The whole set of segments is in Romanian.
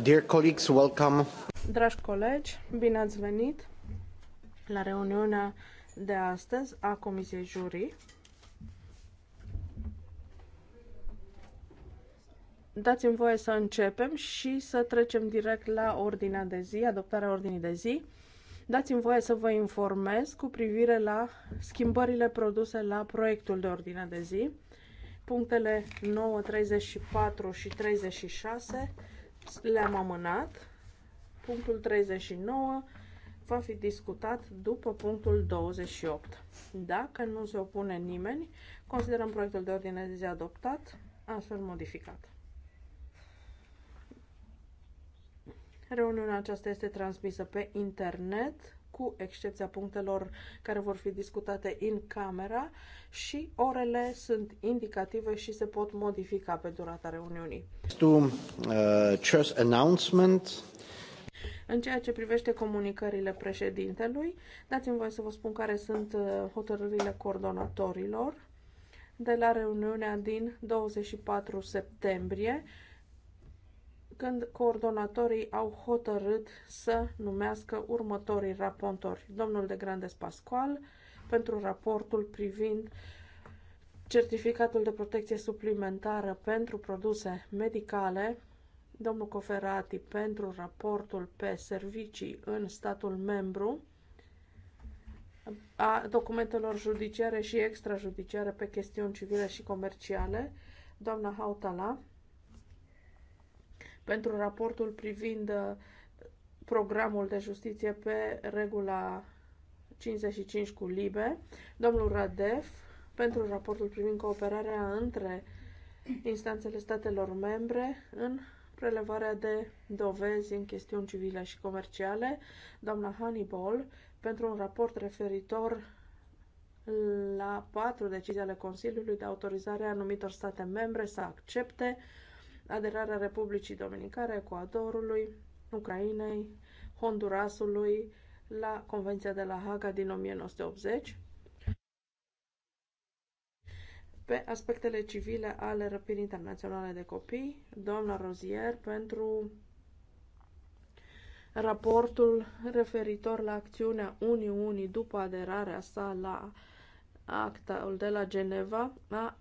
Dear colleagues, welcome. Dragi colegi, bine ați venit la reuniunea de astăzi a Comisiei Jurii. Dați-mi voie să începem și să trecem direct la ordinea de zi, adoptarea ordinii de zi. Dați-mi voie să vă informez cu privire la schimbările produse la proiectul de ordine de zi punctele 9, 34 și 36 le-am amânat. Punctul 39 va fi discutat după punctul 28. Dacă nu se opune nimeni, considerăm proiectul de ordine de zi adoptat, astfel modificat. Reuniunea aceasta este transmisă pe internet cu excepția punctelor care vor fi discutate în camera și orele sunt indicative și se pot modifica pe durata reuniunii. To, uh, announcement. În ceea ce privește comunicările președintelui, dați-mi voie să vă spun care sunt uh, hotărârile coordonatorilor de la reuniunea din 24 septembrie când coordonatorii au hotărât să numească următorii raportori. Domnul de Grandes Pascual pentru raportul privind certificatul de protecție suplimentară pentru produse medicale, domnul Coferati pentru raportul pe servicii în statul membru, a documentelor judiciare și extrajudiciare pe chestiuni civile și comerciale, doamna Hautala pentru raportul privind uh, programul de justiție pe regula 55 cu LIBE, domnul Radef pentru raportul privind cooperarea între instanțele statelor membre în prelevarea de dovezi în chestiuni civile și comerciale, doamna Hannibal pentru un raport referitor la patru decizii ale Consiliului de autorizare a anumitor state membre să accepte aderarea Republicii Dominicare, Ecuadorului, Ucrainei, Hondurasului la Convenția de la Haga din 1980 pe aspectele civile ale răpirii internaționale de copii, doamna Rozier, pentru raportul referitor la acțiunea Uniunii după aderarea sa la actul de la Geneva a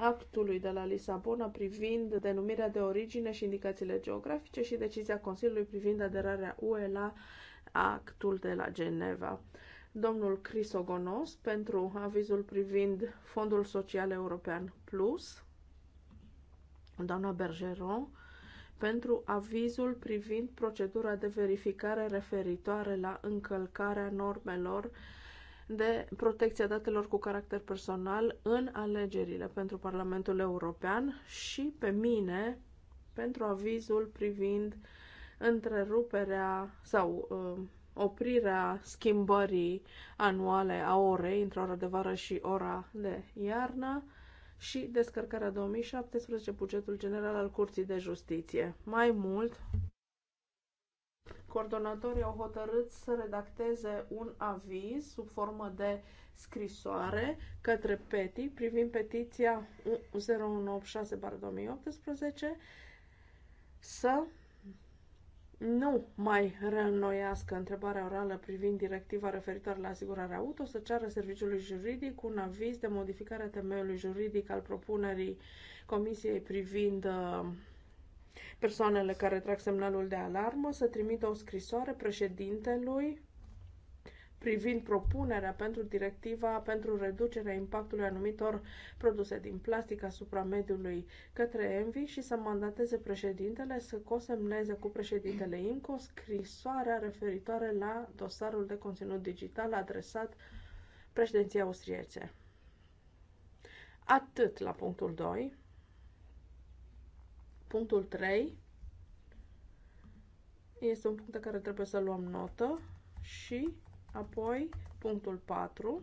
actului de la Lisabona privind denumirea de origine și indicațiile geografice și decizia Consiliului privind aderarea UE la actul de la Geneva. Domnul Crisogonos pentru avizul privind Fondul Social European Plus, doamna Bergeron pentru avizul privind procedura de verificare referitoare la încălcarea normelor de protecția datelor cu caracter personal în alegerile pentru Parlamentul European și pe mine pentru avizul privind întreruperea sau uh, oprirea schimbării anuale a orei între ora de vară și ora de iarnă și descărcarea 2017, bugetul general al Curții de Justiție. Mai mult, coordonatorii au hotărât să redacteze un aviz sub formă de scrisoare către PETI privind petiția 0186-2018 să nu mai reînnoiască întrebarea orală privind directiva referitoare la asigurarea auto, să ceară serviciului juridic un aviz de modificare a temeiului juridic al propunerii Comisiei privind uh, Persoanele care trag semnalul de alarmă să trimită o scrisoare președintelui privind propunerea pentru directiva pentru reducerea impactului anumitor produse din plastic asupra mediului către ENVI și să mandateze președintele să cosemneze cu președintele INCO scrisoarea referitoare la dosarul de conținut digital adresat președinției austriece. Atât la punctul 2. Punctul 3 este un punct de care trebuie să luăm notă și apoi punctul 4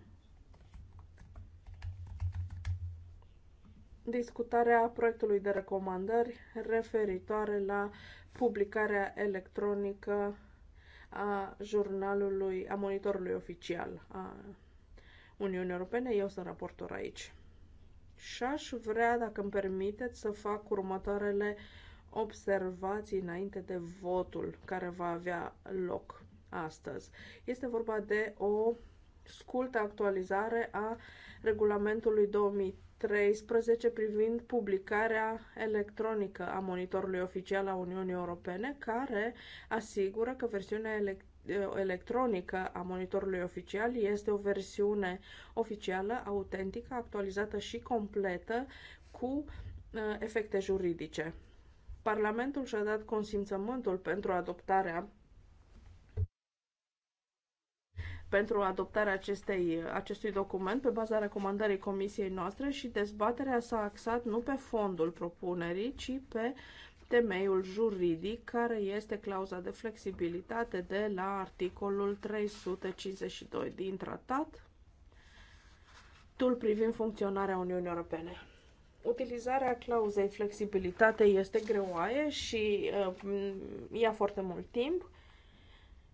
discutarea proiectului de recomandări referitoare la publicarea electronică a jurnalului, a monitorului oficial a Uniunii Europene. Eu sunt raportor aici. Și aș vrea, dacă îmi permiteți, să fac următoarele observații înainte de votul care va avea loc astăzi. Este vorba de o scurtă actualizare a regulamentului 2013 privind publicarea electronică a monitorului oficial a Uniunii Europene, care asigură că versiunea electronică electronică a monitorului oficial este o versiune oficială, autentică, actualizată și completă cu uh, efecte juridice. Parlamentul și-a dat consimțământul pentru adoptarea pentru adoptarea acestei, acestui document pe baza recomandării comisiei noastre și dezbaterea s-a axat nu pe fondul propunerii, ci pe temeiul juridic, care este clauza de flexibilitate de la articolul 352 din tratat, tul privind funcționarea Uniunii Europene. Utilizarea clauzei flexibilitate este greoaie și uh, ia foarte mult timp,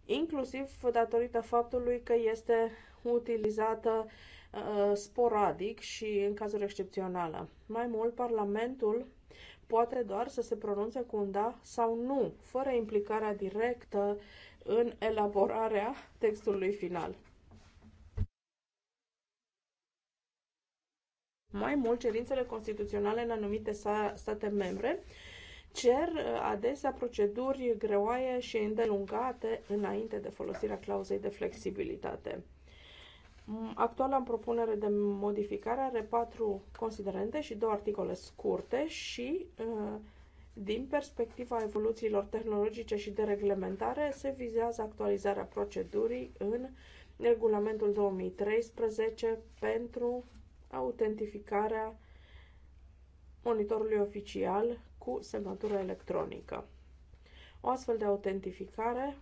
inclusiv datorită faptului că este utilizată uh, sporadic și în cazuri excepționale. Mai mult, Parlamentul poate doar să se pronunțe cu un da sau nu, fără implicarea directă în elaborarea textului final. Mai mult, cerințele constituționale în anumite state membre cer uh, adesea proceduri greoaie și îndelungate înainte de folosirea clauzei de flexibilitate. Actuala propunere de modificare are patru considerente și două articole scurte și uh, din perspectiva evoluțiilor tehnologice și de reglementare se vizează actualizarea procedurii în regulamentul 2013 pentru autentificarea monitorului oficial cu semnătură electronică. O astfel de autentificare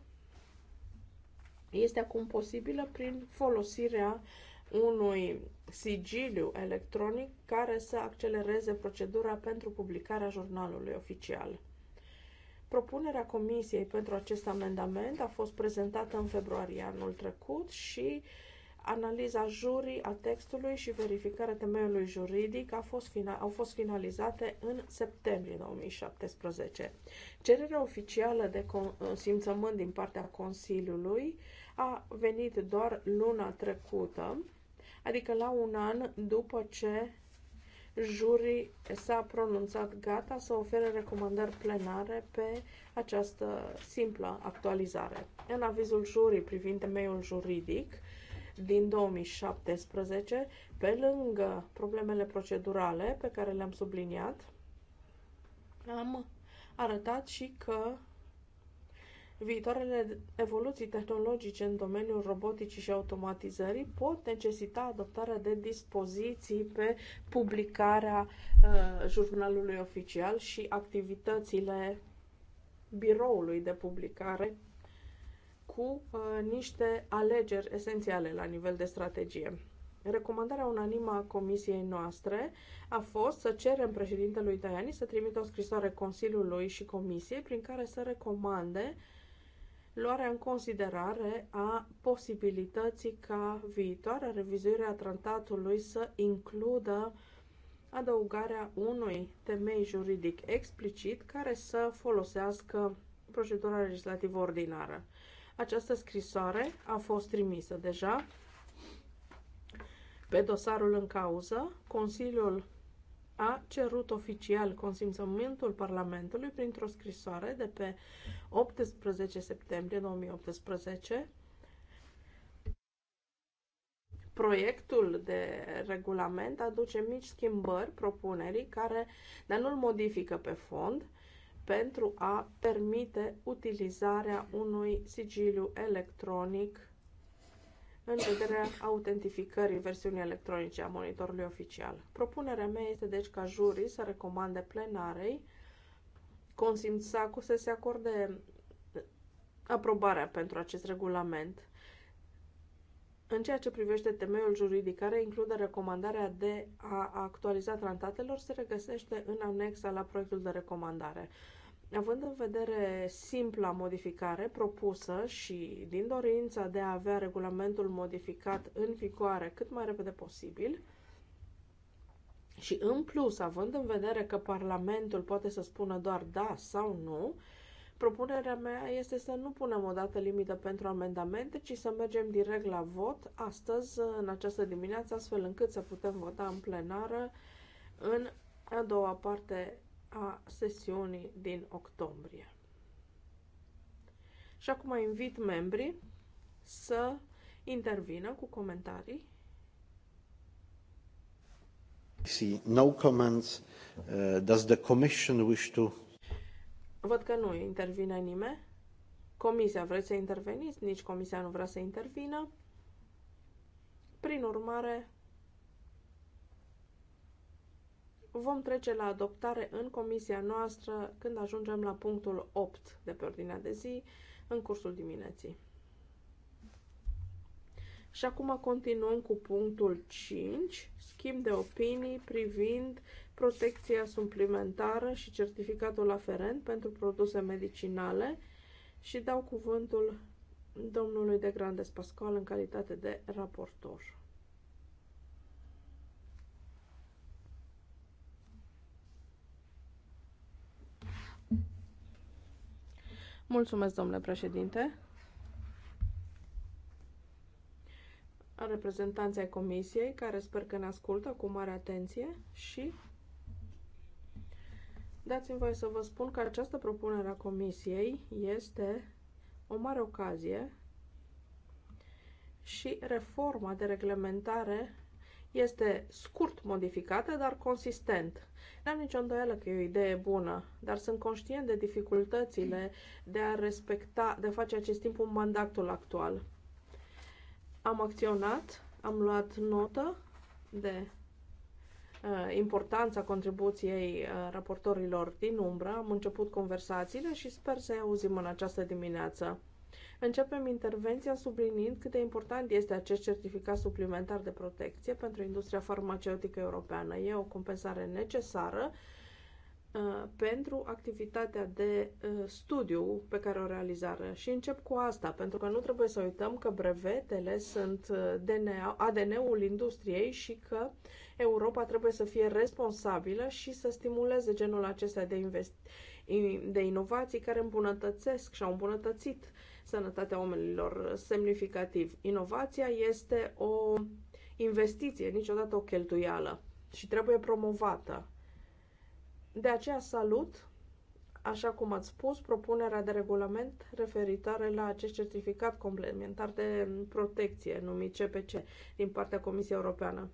este acum posibilă prin folosirea unui sigiliu electronic care să accelereze procedura pentru publicarea jurnalului oficial. Propunerea Comisiei pentru acest amendament a fost prezentată în februarie anul trecut și analiza jurii a textului și verificarea temeiului juridic a fost fina- au fost finalizate în septembrie 2017. Cererea oficială de consimțământ din partea Consiliului a venit doar luna trecută, adică la un an după ce jurii s-a pronunțat gata să ofere recomandări plenare pe această simplă actualizare. În avizul jurii privind temeiul juridic din 2017, pe lângă problemele procedurale pe care le-am subliniat, am arătat și că Viitoarele evoluții tehnologice în domeniul roboticii și automatizării pot necesita adoptarea de dispoziții pe publicarea uh, jurnalului oficial și activitățile biroului de publicare cu uh, niște alegeri esențiale la nivel de strategie. Recomandarea unanimă a comisiei noastre a fost să cerem președintelui Tajani să trimită o scrisoare Consiliului și Comisiei prin care să recomande uh, luarea în considerare a posibilității ca viitoarea revizuire a tratatului să includă adăugarea unui temei juridic explicit care să folosească procedura legislativă ordinară. Această scrisoare a fost trimisă deja pe dosarul în cauză. Consiliul a cerut oficial consimțământul Parlamentului printr-o scrisoare de pe 18 septembrie 2018. Proiectul de regulament aduce mici schimbări propunerii care, dar nu-l modifică pe fond, pentru a permite utilizarea unui sigiliu electronic în vederea autentificării versiunii electronice a monitorului oficial. Propunerea mea este deci ca jurii să recomande plenarei consimțacul să se acorde aprobarea pentru acest regulament. În ceea ce privește temeiul juridic, care include recomandarea de a actualiza tratatelor, se regăsește în anexa la proiectul de recomandare. Având în vedere simpla modificare propusă și din dorința de a avea regulamentul modificat în vigoare cât mai repede posibil, și în plus, având în vedere că Parlamentul poate să spună doar da sau nu, propunerea mea este să nu punem o dată limită pentru amendamente, ci să mergem direct la vot astăzi, în această dimineață, astfel încât să putem vota în plenară în a doua parte a sesiunii din octombrie. Și acum invit membrii să intervină cu comentarii. See, no comments. Uh, does the commission wish to... Văd că nu intervine nimeni. Comisia, vreți să interveniți? Nici comisia nu vrea să intervină. Prin urmare, vom trece la adoptare în comisia noastră când ajungem la punctul 8 de pe ordinea de zi, în cursul dimineții. Și acum continuăm cu punctul 5, schimb de opinii privind protecția suplimentară și certificatul aferent pentru produse medicinale și dau cuvântul domnului de Grandes Pascual în calitate de raportor. Mulțumesc, domnule președinte. reprezentanții comisiei, care sper că ne ascultă cu mare atenție și dați-mi voie să vă spun că această propunere a comisiei este o mare ocazie și reforma de reglementare este scurt modificată, dar consistent. N-am nicio îndoială că e o idee bună, dar sunt conștient de dificultățile de a respecta, de a face acest timp un mandatul actual. Am acționat, am luat notă de uh, importanța contribuției uh, raportorilor din umbră. Am început conversațiile și sper să-i auzim în această dimineață. Începem intervenția subliniind cât de important este acest certificat suplimentar de protecție pentru industria farmaceutică europeană. E o compensare necesară uh, pentru activitatea de uh, studiu pe care o realizare. Și încep cu asta, pentru că nu trebuie să uităm că brevetele sunt uh, ADN-ul industriei și că Europa trebuie să fie responsabilă și să stimuleze genul acesta de, de inovații care îmbunătățesc și au îmbunătățit sănătatea oamenilor semnificativ. Inovația este o investiție, niciodată o cheltuială și trebuie promovată. De aceea salut, așa cum ați spus, propunerea de regulament referitoare la acest certificat complementar de protecție, numit CPC, din partea Comisiei Europeană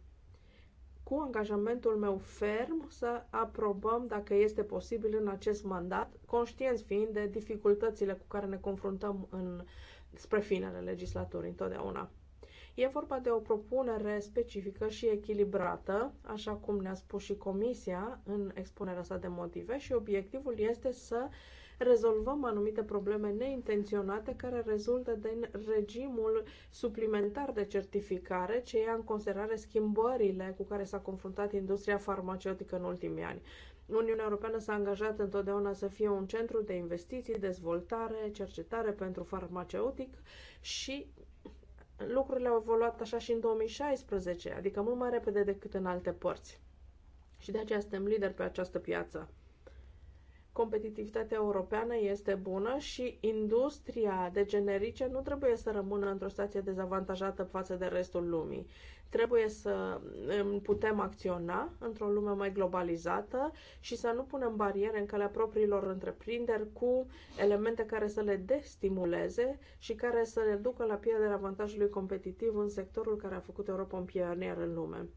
cu angajamentul meu ferm să aprobăm, dacă este posibil, în acest mandat, conștienți fiind de dificultățile cu care ne confruntăm în, spre finele legislaturii întotdeauna. E vorba de o propunere specifică și echilibrată, așa cum ne-a spus și Comisia în expunerea sa de motive și obiectivul este să uh, rezolvăm anumite probleme neintenționate care rezultă din regimul suplimentar de certificare ce ia în considerare schimbările cu care s-a confruntat industria farmaceutică în ultimii ani. Uniunea Europeană s-a angajat întotdeauna să fie un centru de investiții, dezvoltare, cercetare pentru farmaceutic și lucrurile au evoluat așa și în 2016, adică mult mai repede decât în alte părți. Și de aceea suntem lideri pe această piață competitivitatea europeană este bună și industria de generice nu trebuie să rămână într-o stație dezavantajată față de restul lumii. Trebuie să mm, putem acționa într-o lume mai globalizată și să nu punem bariere în calea propriilor întreprinderi cu elemente care să le destimuleze și care să le ducă la pierderea avantajului competitiv în sectorul care a făcut Europa un pionier în lume.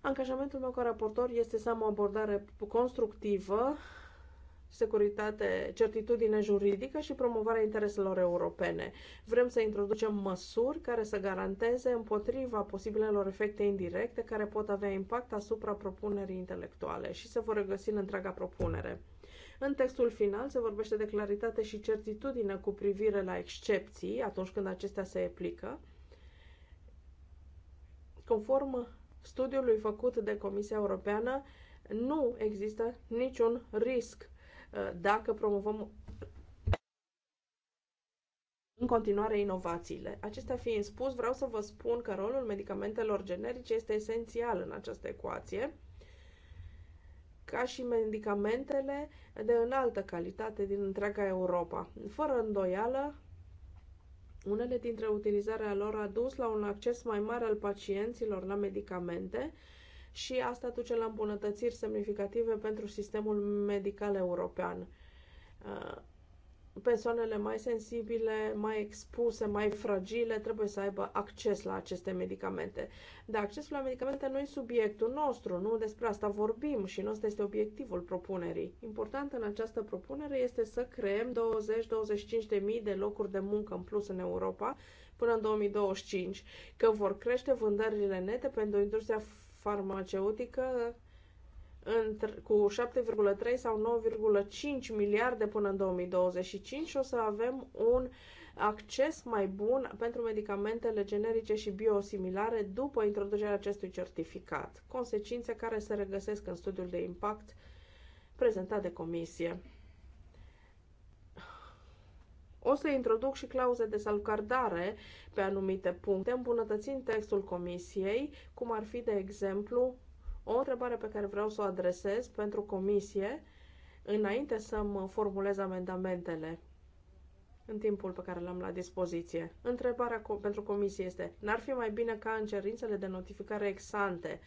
Angajamentul meu ca raportor este să am o abordare constructivă securitate, certitudine juridică și promovarea intereselor europene. Vrem să introducem măsuri care să garanteze împotriva posibilelor efecte indirecte care pot avea impact asupra propunerii intelectuale și se vor regăsi în întreaga propunere. În textul final se vorbește de claritate și certitudine cu privire la excepții atunci când acestea se aplică. Conform studiului făcut de Comisia Europeană, nu există niciun risc Eh, dacă promovăm în continuare inovațiile. Acestea fiind spus, vreau să vă spun că rolul medicamentelor generice este esențial în această ecuație, ca și medicamentele de înaltă calitate din întreaga Europa. Fără îndoială, unele dintre utilizarea lor a dus la un acces mai mare al pacienților la medicamente, și asta duce la îmbunătățiri semnificative pentru sistemul medical european. Uh, persoanele mai sensibile, mai expuse, mai fragile trebuie să aibă acces la aceste medicamente. Dar accesul la medicamente nu e subiectul nostru, nu despre asta vorbim și nu ăsta este obiectivul propunerii. Important în această propunere este să creăm 20-25 de mii de locuri de muncă în plus în Europa până în 2025, că vor crește vândările nete pentru industria farmaceutică cu 7,3 sau 9,5 miliarde până în 2025 și o să avem un acces mai bun pentru medicamentele generice și biosimilare după introducerea acestui certificat, consecințe care se regăsesc în studiul de impact prezentat de comisie. O să introduc și clauze de salvgardare pe anumite puncte, îmbunătățind textul comisiei, cum ar fi, de exemplu, o întrebare pe care vreau să o adresez pentru comisie, înainte să-mi formulez amendamentele în timpul pe care l-am la dispoziție. Întrebarea pentru comisie este, n-ar fi mai bine ca în cerințele de notificare exante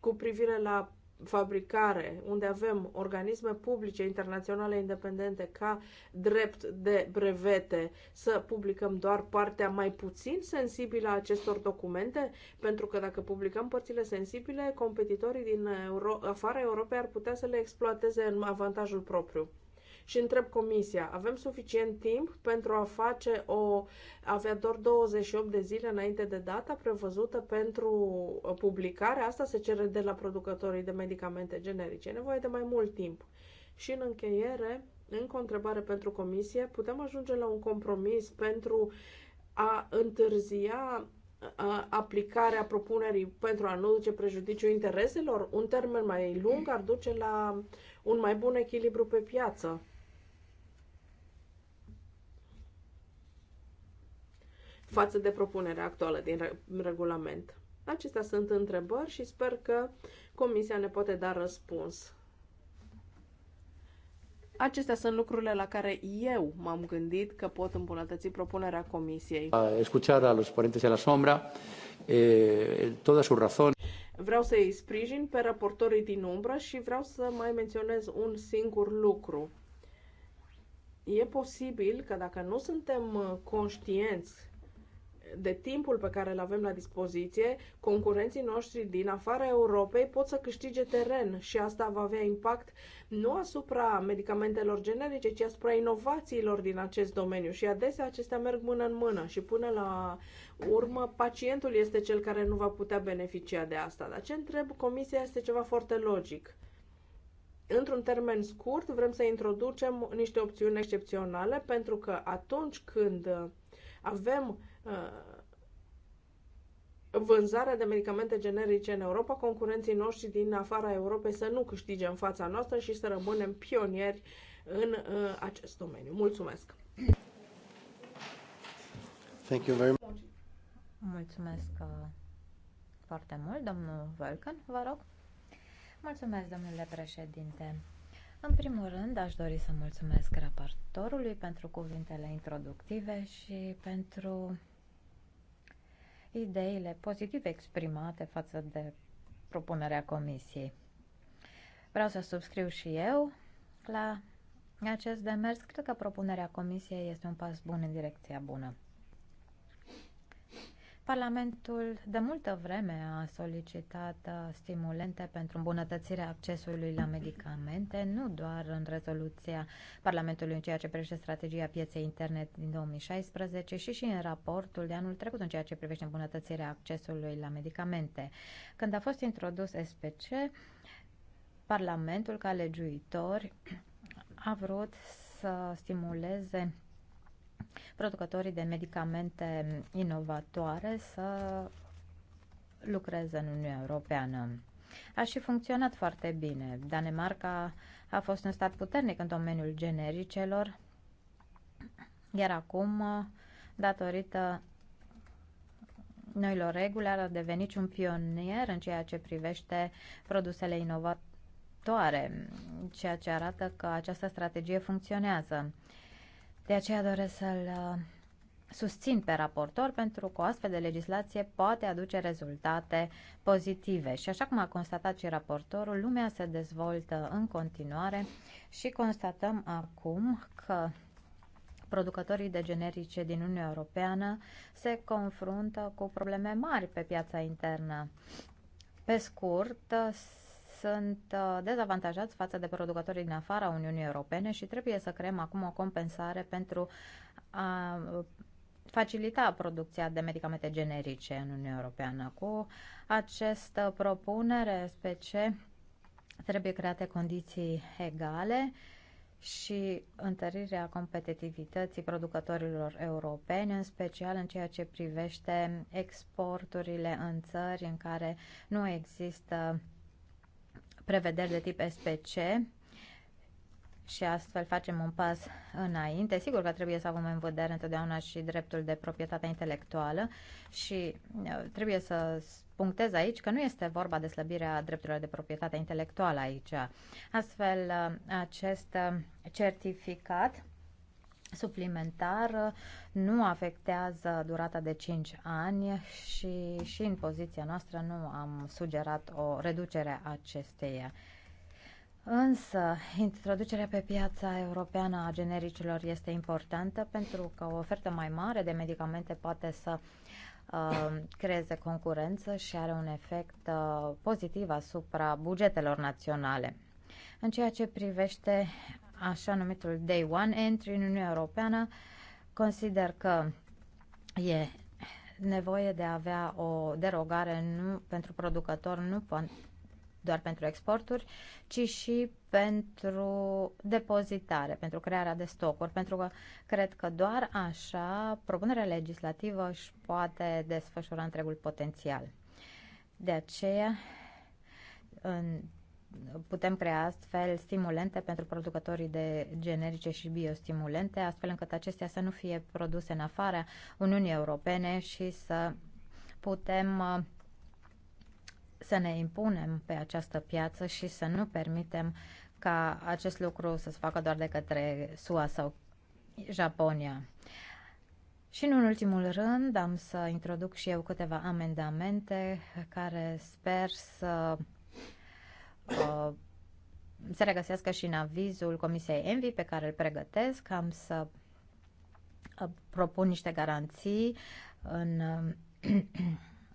cu privire la fabricare, unde avem organisme publice internaționale independente ca drept de brevete, să publicăm doar partea mai puțin sensibilă a acestor documente, pentru că dacă publicăm părțile sensibile, competitorii din Euro- afara Europei ar putea să le exploateze în avantajul propriu și întreb comisia, avem suficient timp pentru a face o, avea doar 28 de zile înainte de data prevăzută pentru uh, publicare? Asta se cere de la producătorii de medicamente generice. E nevoie de mai mult timp. Și în încheiere, încă o întrebare pentru comisie. Putem ajunge la un compromis pentru a întârzia uh, aplicarea propunerii pentru a nu duce prejudiciu intereselor, un termen mai lung ar duce la un mai bun echilibru pe piață. față de propunerea actuală din regulament. Acestea sunt întrebări și sper că Comisia ne poate da răspuns. Acestea sunt lucrurile la care eu m-am gândit că pot îmbunătăți propunerea Comisiei. A escuchar a los ponentes de la sombra eh, toda su razón. Vreau să i sprijin pe raportorii din umbră și vreau să mai menționez un singur lucru. E posibil că dacă nu suntem eh, conștienți de timpul pe care îl avem la dispoziție, concurenții noștri din afara Europei pot să câștige teren și asta va avea impact nu asupra medicamentelor generice, ci asupra inovațiilor din acest domeniu și adesea acestea merg mână în mână și până la urmă pacientul este cel care nu va putea beneficia de asta. Dar ce întreb comisia este ceva foarte logic într-un termen scurt, vrem să introducem niște opțiuni excepționale pentru că atunci când avem Uh, vânzarea de medicamente generice în Europa, concurenții noștri din afara Europei să nu câștige în fața noastră și să rămânem pionieri în uh, acest domeniu. Mulțumesc! Thank you very much. Mulțumesc uh, foarte mult, domnul Völcan, vă rog. Mulțumesc, domnule președinte. În primul rând, aș dori să mulțumesc raportorului pentru cuvintele introductive și pentru ideile pozitive exprimate față de propunerea comisiei. Vreau să subscriu și eu la acest demers. Cred că propunerea comisiei este un pas bun în direcția bună. Parlamentul de multă vreme a solicitat uh, stimulente pentru îmbunătățirea accesului la medicamente, nu doar în rezoluția Parlamentului în ceea ce privește strategia pieței internet din 2016, ci și în raportul de anul trecut în ceea ce privește îmbunătățirea accesului la medicamente. Când a fost introdus SPC, Parlamentul, ca legiuitor, a vrut să stimuleze producătorii de medicamente inovatoare să lucreze în Uniunea Europeană. A și funcționat foarte bine. Danemarca a fost un stat puternic în domeniul genericelor, iar acum, datorită noilor reguli, a devenit un pionier în ceea ce privește produsele inovatoare, ceea ce arată că această strategie funcționează. De aceea doresc să-l uh, susțin pe raportor pentru că o astfel de legislație poate aduce rezultate pozitive. Și așa cum a constatat și raportorul, lumea se dezvoltă în continuare și constatăm acum că producătorii de generice din Uniunea Europeană se confruntă cu probleme mari pe piața internă. Pe scurt, sunt uh, dezavantajați față de producătorii din afara Uniunii Europene și trebuie să creăm acum o compensare pentru a uh, facilita producția de medicamente generice în Uniunea Europeană. Cu această propunere, SPC trebuie create condiții egale și întărirea competitivității producătorilor europeni, în special în ceea ce privește exporturile în țări în care nu există prevederi de tip SPC și astfel facem un pas înainte. Sigur că trebuie să avem în vedere întotdeauna și dreptul de proprietate intelectuală și uh, trebuie să punctez aici că nu este vorba de slăbirea drepturilor de proprietate intelectuală aici. Astfel, uh, acest uh, certificat suplimentar nu afectează durata de 5 ani și, și în poziția noastră nu am sugerat o reducere a acesteia. Însă, introducerea pe piața europeană a genericilor este importantă pentru că o ofertă mai mare de medicamente poate să uh, creeze concurență și are un efect uh, pozitiv asupra bugetelor naționale. În ceea ce privește așa numitul Day One Entry în Uniunea Europeană, consider că e nevoie de a avea o derogare nu pentru producător, nu doar pentru exporturi, ci și pentru depozitare, pentru crearea de stocuri, pentru că cred că doar așa propunerea legislativă își poate desfășura întregul potențial. De aceea, în putem crea astfel stimulente pentru producătorii de generice și biostimulente, astfel încât acestea să nu fie produse în afara Uniunii Europene și să putem uh, să ne impunem pe această piață și să nu permitem ca acest lucru să se facă doar de către SUA sau Japonia. Și în ultimul rând am să introduc și eu câteva amendamente care sper să uh, se regăsească și în avizul Comisiei Envi pe care îl pregătesc. Am să uh, propun niște garanții în uh,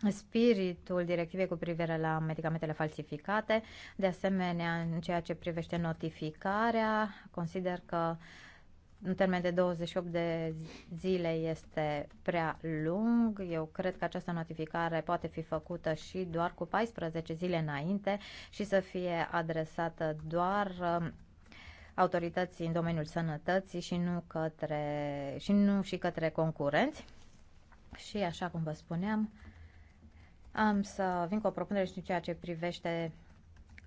spiritul directivei cu privire la medicamentele falsificate. De asemenea, în ceea ce privește notificarea, consider că uh, în termen de 28 de zile este prea lung. Eu cred că această notificare poate fi făcută și doar cu 14 zile înainte și să fie adresată doar um, autorității în domeniul sănătății și nu, către, și nu și către concurenți. Și așa cum vă spuneam, am să vin cu o propunere și în ceea ce privește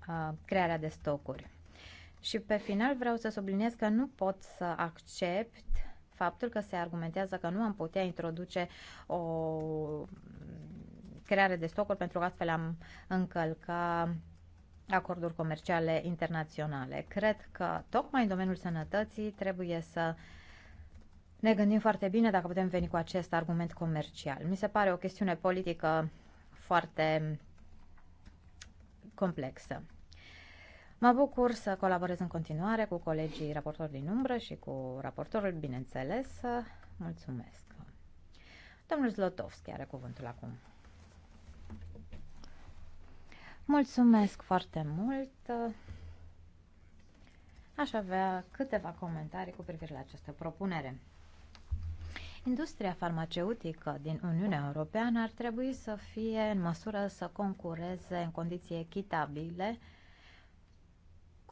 uh, crearea de stocuri. Și pe final vreau să subliniez că nu pot să accept faptul că se argumentează că nu am putea introduce o creare de stocuri pentru că astfel am încălca acorduri comerciale internaționale. Cred că tocmai în domeniul sănătății trebuie să ne gândim foarte bine dacă putem veni cu acest argument comercial. Mi se pare o chestiune politică foarte complexă. Mă bucur să colaborez în continuare cu colegii raportori din umbră și cu raportorul, bineînțeles. Mulțumesc. Domnul Zlotovski are cuvântul acum. Mulțumesc foarte mult. Aș avea câteva comentarii cu privire la această propunere. Industria farmaceutică din Uniunea Europeană ar trebui să fie în măsură să concureze în condiții echitabile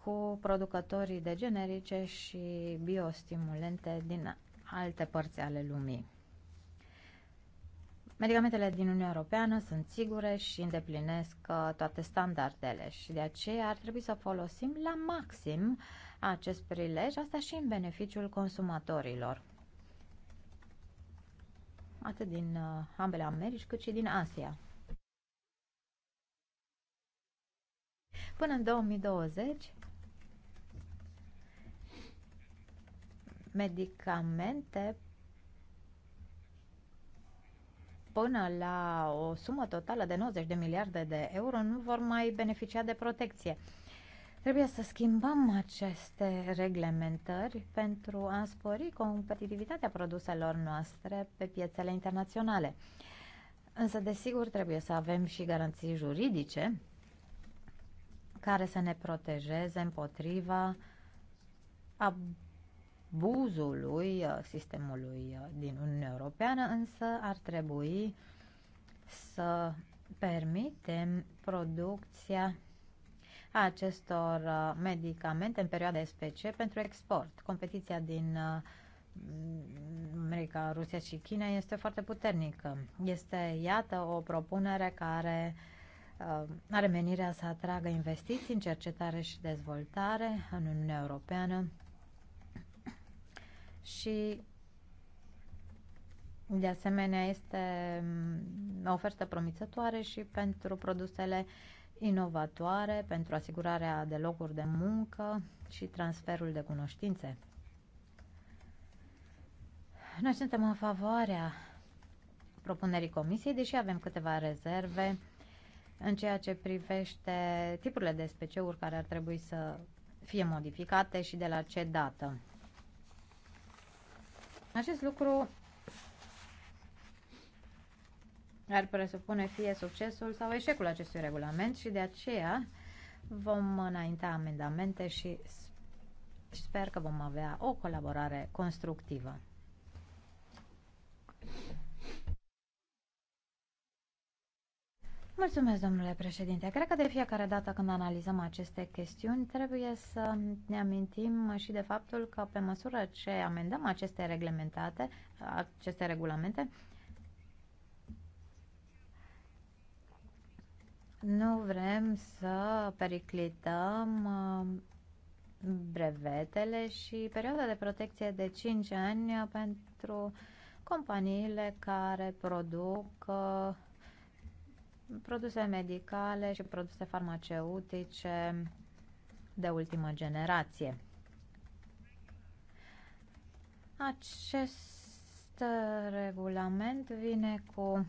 cu producătorii de generice și biostimulente din alte părți ale lumii. Medicamentele din Uniunea Europeană sunt sigure și îndeplinesc uh, toate standardele și de aceea ar trebui să folosim la maxim acest prilej, asta și în beneficiul consumatorilor. Atât din uh, ambele Americi cât și din Asia. Până în 2020, medicamente până la o sumă totală de 90 de miliarde de euro nu vor mai beneficia de protecție. Trebuie să schimbăm aceste reglementări pentru a spori competitivitatea produselor noastre pe piețele internaționale. Însă, desigur, trebuie să avem și garanții juridice care să ne protejeze împotriva ab- buzului uh, sistemului uh, din Uniunea Europeană, însă ar trebui să permitem producția acestor uh, medicamente în perioada SPC pentru export. Competiția din America, Rusia și China este foarte puternică. Este, iată, o propunere care are menirea să atragă investiții în cercetare și dezvoltare în Uniunea Europeană și de asemenea este o mm, ofertă promițătoare și pentru produsele inovatoare, pentru asigurarea de locuri de muncă și transferul de cunoștințe. Noi suntem în favoarea propunerii comisiei, deși avem câteva rezerve în ceea ce privește tipurile de SPC-uri care ar trebui să fie modificate și de la ce dată. Acest lucru ar presupune fie succesul sau eșecul acestui regulament și de aceea vom înainta amendamente și sper că vom avea o colaborare constructivă. Mulțumesc, domnule președinte. Cred că de fiecare dată când analizăm aceste chestiuni, trebuie să ne amintim și de faptul că pe măsură ce amendăm aceste reglementate, aceste regulamente, nu vrem să periclităm uh, brevetele și perioada de protecție de 5 ani pentru companiile care produc uh, produse medicale și produse farmaceutice de ultimă generație. Acest regulament vine cu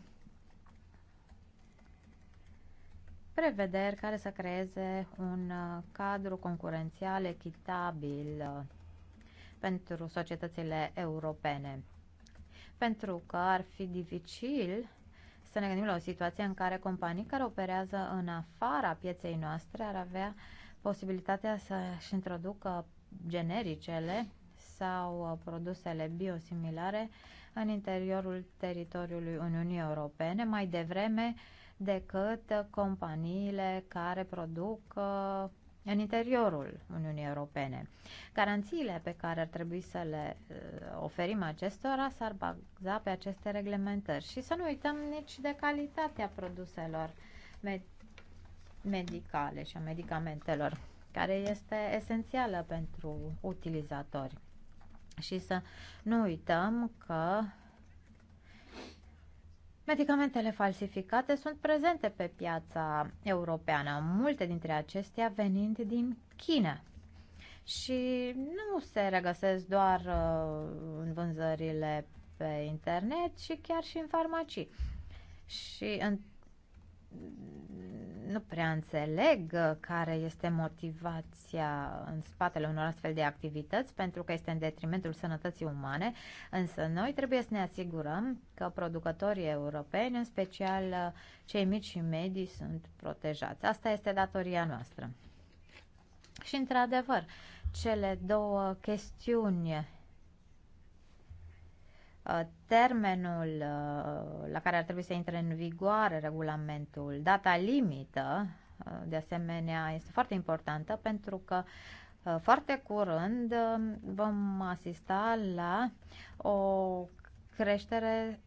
prevederi care să creeze un cadru concurențial echitabil pentru societățile europene. Pentru că ar fi dificil să ne gândim la o situație în care companii care operează în afara pieței noastre ar avea posibilitatea să-și introducă genericele sau uh, produsele biosimilare în interiorul teritoriului Uniunii Europene mai devreme decât uh, companiile care produc uh, în interiorul Uniunii Europene. Garanțiile pe care ar trebui să le uh, oferim acestora s-ar baza pe aceste reglementări și să nu uităm nici de calitatea produselor med medicale și a medicamentelor, care este esențială pentru utilizatori. Și să nu uităm că Medicamentele falsificate sunt prezente pe piața europeană, multe dintre acestea venind din China. Și nu se regăsesc doar uh, în vânzările pe internet, ci chiar și în farmacii. Și în nu prea înțeleg uh, care este motivația în spatele unor astfel de activități, pentru că este în detrimentul sănătății umane, însă noi trebuie să ne asigurăm că producătorii europeni, în special uh, cei mici și medii, sunt protejați. Asta este datoria noastră. Și, într-adevăr, cele două chestiuni Uh, termenul uh, la care ar trebui să intre în vigoare regulamentul, data limită, uh, de asemenea, este foarte importantă pentru că foarte curând vom asista la o creștere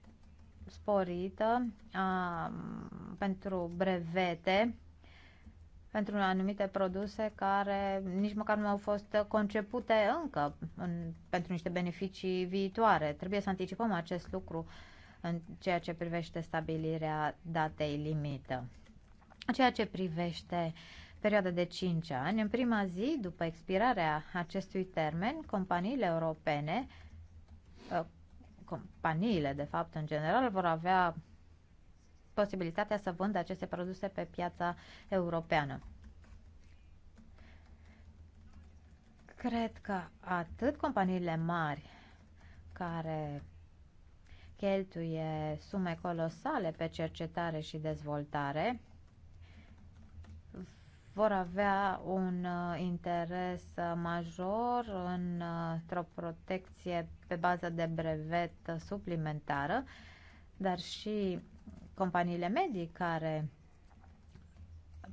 sporită a, pentru brevete pentru anumite produse care nici măcar nu au fost concepute încă în, pentru niște beneficii viitoare. Trebuie să anticipăm acest lucru în ceea ce privește stabilirea datei limită. În ceea ce privește perioada de 5 ani, în prima zi după expirarea acestui termen, companiile europene, ă, companiile de fapt în general, vor avea posibilitatea să vândă aceste produse pe piața europeană. Cred că atât companiile mari care cheltuie sume colosale pe cercetare și dezvoltare vor avea un uh, interes uh, major uh, într-o protecție pe bază de brevet suplimentară, dar și companiile medii care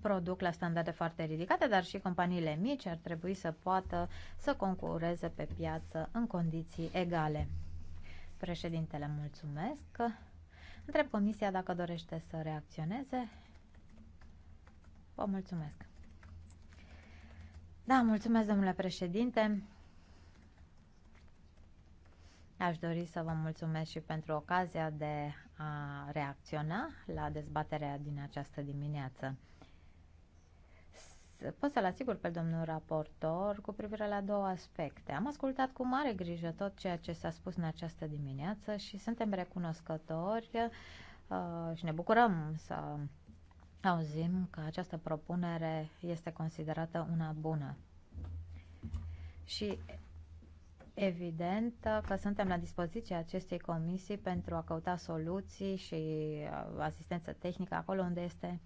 produc la standarde foarte ridicate, dar și companiile mici ar trebui să poată să concureze pe piață în condiții egale. Președintele, mulțumesc. Întreb Comisia dacă dorește să reacționeze. Vă mulțumesc. Da, mulțumesc, domnule președinte. Aș dori să vă mulțumesc și pentru ocazia de a reacționa la dezbaterea din această dimineață. Pot să-l asigur pe domnul raportor cu privire la două aspecte. Am ascultat cu mare grijă tot ceea ce s-a spus în această dimineață și suntem recunoscători uh, și ne bucurăm să auzim că această propunere este considerată una bună. Și Evident că suntem la dispoziția acestei comisii pentru a căuta soluții și uh, asistență tehnică acolo unde este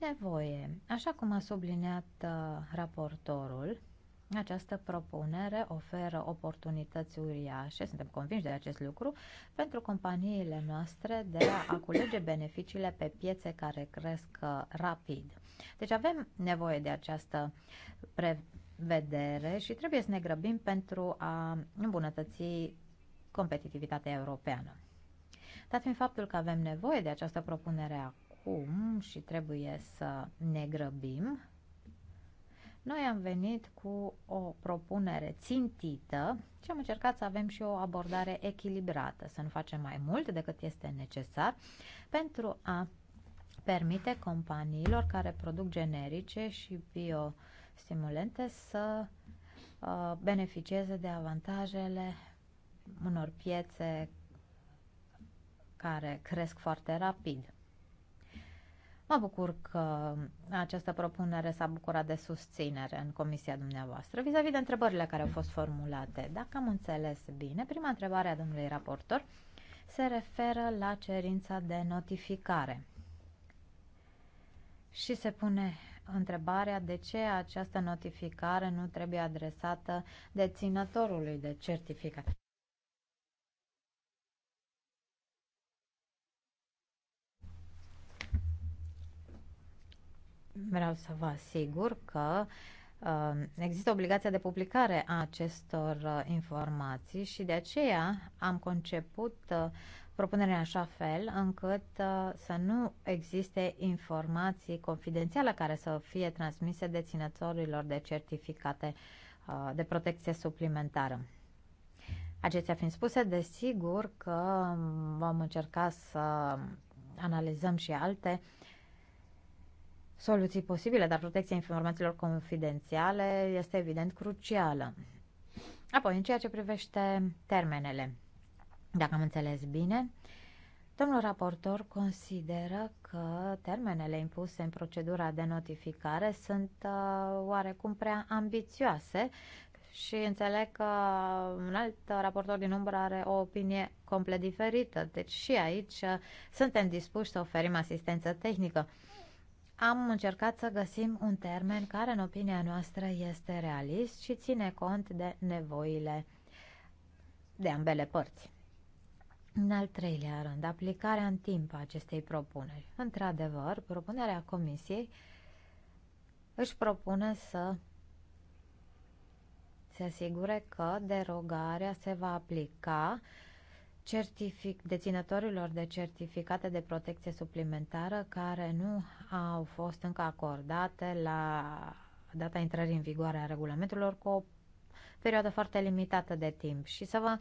nevoie. Așa cum a subliniat uh, raportorul, această propunere oferă oportunități uriașe, suntem convinși de acest lucru, pentru companiile noastre de a culege beneficiile pe piețe care cresc uh, rapid. Deci avem nevoie de această pre vedere și trebuie să ne grăbim pentru a îmbunătăți competitivitatea europeană. Dat fiind faptul că avem nevoie de această propunere acum și trebuie să ne grăbim, noi am venit cu o propunere țintită și am încercat să avem și o abordare echilibrată, să nu facem mai mult decât este necesar pentru a permite companiilor care produc generice și bio uh, stimulente să uh, beneficieze de avantajele unor piețe care cresc foarte rapid. Mă bucur că această propunere s-a bucurat de susținere în comisia dumneavoastră vis-a-vis -vis de întrebările care au fost formulate. Dacă am înțeles bine, prima întrebare a domnului raportor se referă la cerința de notificare și se pune întrebarea de ce această notificare nu trebuie adresată deținătorului de certificat. Vreau să vă asigur că uh, există obligația de publicare a acestor uh, informații și de aceea am conceput uh, propunerea în așa fel încât uh, să nu existe informații confidențiale care să fie transmise deținătorilor de certificate uh, de protecție suplimentară. Acestea fiind spuse, desigur că vom încerca să analizăm și alte soluții posibile, dar protecția informațiilor confidențiale este evident crucială. Apoi, în ceea ce privește termenele, dacă am înțeles bine, domnul raportor consideră că termenele impuse în procedura de notificare sunt uh, oarecum prea ambițioase și înțeleg că un alt raportor din umbră are o opinie complet diferită. Deci și aici uh, suntem dispuși să oferim asistență tehnică. Am încercat să găsim un termen care, în opinia noastră, este realist și ține cont de nevoile de ambele părți. În al treilea rând, aplicarea în timp a acestei propuneri. Într-adevăr, propunerea Comisiei își propune să se asigure că derogarea se va aplica certific- deținătorilor de certificate de protecție suplimentară care nu au fost încă acordate la data intrării în vigoare a regulamentelor cu o perioadă foarte limitată de timp. Și să vă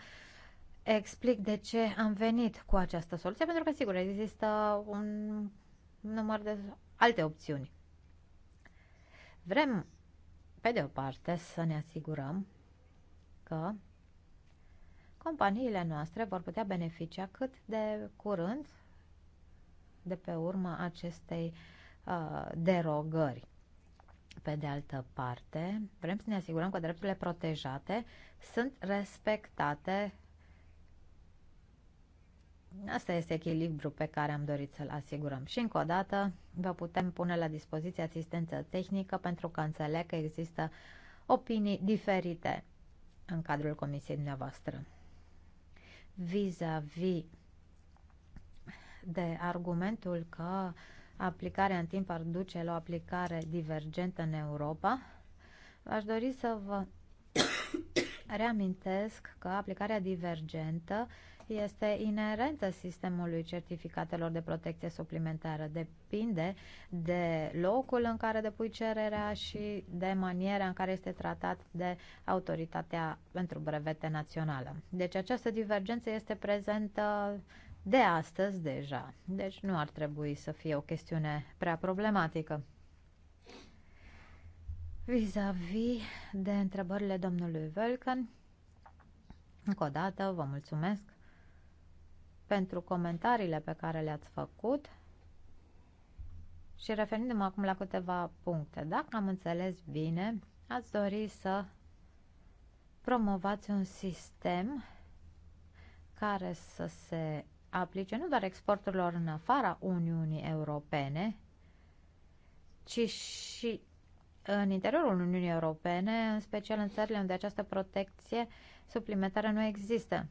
explic de ce am venit cu această soluție, pentru că, sigur, există un număr de alte opțiuni. Vrem, pe de o parte, să ne asigurăm că companiile noastre vor putea beneficia cât de curând de pe urma acestei uh, derogări. Pe de altă parte, vrem să ne asigurăm că drepturile protejate sunt respectate Asta este echilibru pe care am dorit să-l asigurăm. Și încă o dată vă putem pune la dispoziție asistență tehnică pentru că înțeleg că există opinii diferite în cadrul comisiei dumneavoastră. Vis-a-vis -vis de argumentul că aplicarea în timp ar duce la o aplicare divergentă în Europa, aș dori să vă reamintesc că aplicarea divergentă este inerentă sistemului certificatelor de protecție suplimentară. Depinde de locul în care depui cererea și de maniera în care este tratat de autoritatea pentru brevete națională. Deci această divergență este prezentă de astăzi deja. Deci nu ar trebui să fie o chestiune prea problematică. Vis-a-vis -vis de întrebările domnului Velcan, încă o dată vă mulțumesc pentru comentariile pe care le-ați făcut și referindu-mă acum la câteva puncte. Dacă am înțeles bine, ați dori să promovați un sistem care să se aplice nu doar exporturilor în afara Uniunii Europene, ci și în interiorul Uniunii Europene, în special în țările unde această protecție suplimentară nu există.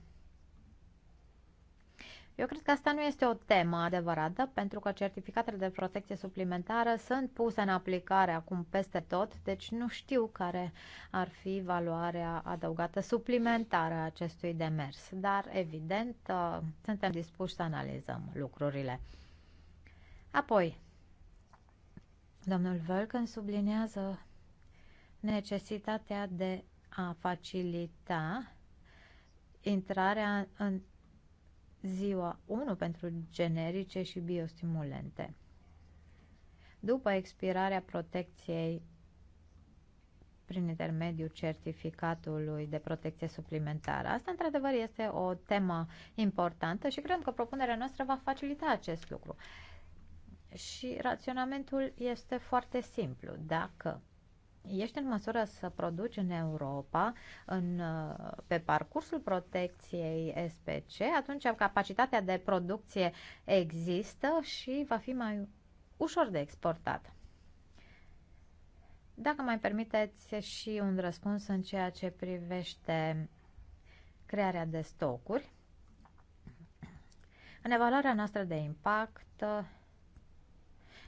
Eu cred că asta nu este o temă adevărată, pentru că certificatele de protecție suplimentară sunt puse în aplicare acum peste tot, deci nu știu care ar fi valoarea adăugată suplimentară a acestui demers, dar evident uh, suntem dispuși să analizăm lucrurile. Apoi, domnul Völken subliniază necesitatea de a facilita intrarea în ziua 1 pentru generice și biostimulente. După expirarea protecției prin intermediul certificatului de protecție suplimentară. Asta, într-adevăr, este o temă importantă și cred că propunerea noastră va facilita acest lucru. Și raționamentul este foarte simplu. Dacă ești în măsură să produci în Europa, în, pe parcursul protecției SPC, atunci capacitatea de producție există și va fi mai ușor de exportat. Dacă mai permiteți și un răspuns în ceea ce privește crearea de stocuri, în evaluarea noastră de impact,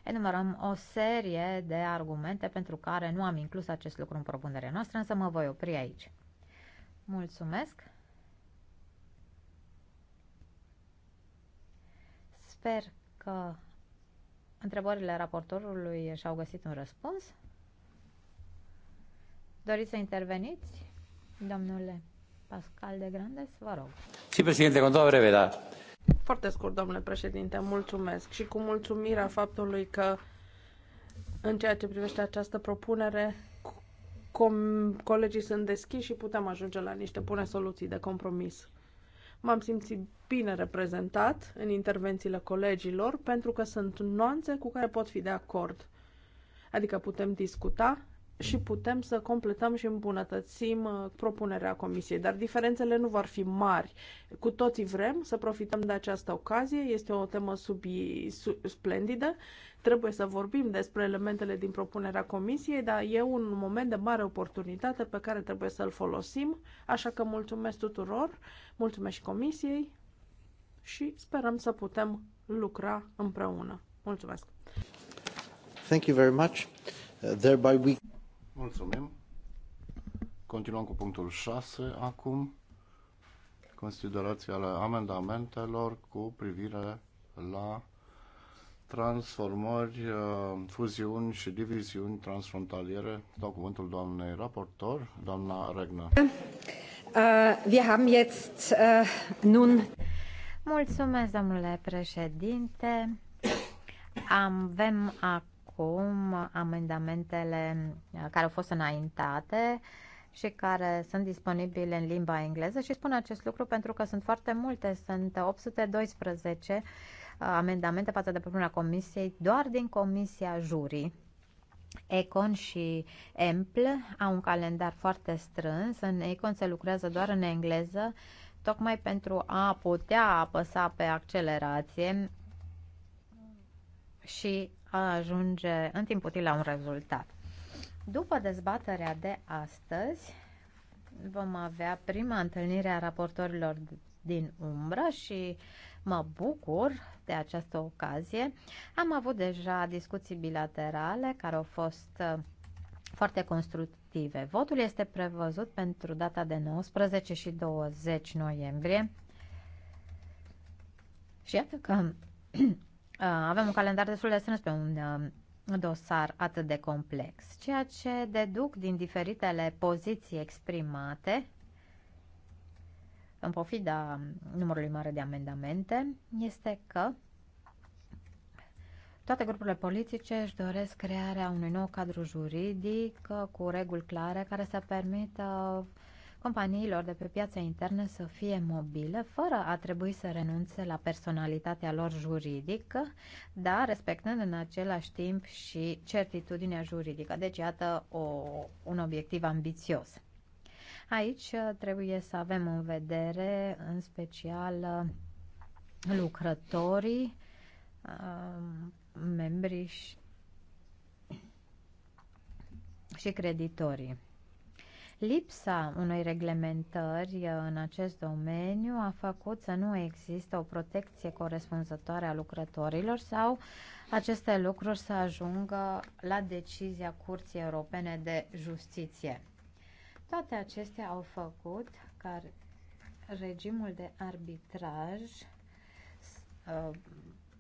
enumerăm o serie de argumente pentru care nu am inclus acest lucru în propunerea noastră, însă mă voi opri aici. Mulțumesc! Sper că întrebările raportorului și-au găsit un răspuns. Doriți să interveniți, domnule Pascal de Grandes? Vă rog. Sí, presidente, cu toda brevedad. Foarte scurt, domnule președinte, mulțumesc și cu mulțumirea faptului că în ceea ce privește această propunere, com- colegii sunt deschiși și putem ajunge la niște bune soluții de compromis. M-am simțit bine reprezentat în intervențiile colegilor pentru că sunt nuanțe cu care pot fi de acord. Adică putem discuta și putem să completăm și îmbunătățim uh, propunerea comisiei, dar diferențele nu vor fi mari. Cu toții vrem să profităm de această ocazie, este o temă subi, sub, splendidă, trebuie să vorbim despre elementele din propunerea comisiei, dar e un moment de mare oportunitate pe care trebuie să-l folosim, așa că mulțumesc tuturor, mulțumesc și comisiei și sperăm să putem lucra împreună. Mulțumesc! Thank you very much. Uh, thereby we Mulțumim. Continuăm cu punctul 6 acum. Considerații ale amendamentelor cu privire la transformări, uh, fuziuni și diviziuni transfrontaliere. Dau cuvântul doamnei raportor, doamna Regna. Uh, wir haben jetzt uh, nun... Mulțumesc, domnule președinte. Avem acum acum amendamentele uh, care au fost înaintate și care sunt disponibile în limba engleză și spun acest lucru pentru că sunt foarte multe, sunt 812 uh, amendamente față de propunerea comisiei doar din comisia jurii. Econ și Empl au un calendar foarte strâns. În Econ se lucrează doar în engleză, tocmai pentru a putea apăsa pe accelerație și a ajunge în timp util la un rezultat. După dezbaterea de astăzi, vom avea prima întâlnire a raportorilor din umbră și mă bucur de această ocazie. Am avut deja discuții bilaterale care au fost uh, foarte constructive. Votul este prevăzut pentru data de 19 și 20 noiembrie. Și iată că Uh, avem un calendar destul de strâns pe un uh, dosar atât de complex. Ceea ce deduc din diferitele poziții exprimate, în pofida numărului mare de amendamente, este că toate grupurile politice își doresc crearea unui nou cadru juridic uh, cu reguli clare care să permită uh, companiilor de pe piața internă să fie mobile, fără a trebui să renunțe la personalitatea lor juridică, dar respectând în același timp și certitudinea juridică. Deci, iată o, un obiectiv ambițios. Aici uh, trebuie să avem în vedere, în special, uh, lucrătorii, uh, membrii și și creditorii. Lipsa unei reglementări uh, în acest domeniu a făcut să nu există o protecție corespunzătoare a lucrătorilor sau aceste lucruri să ajungă la decizia Curții Europene de Justiție. Toate acestea au făcut ca regimul de arbitraj uh,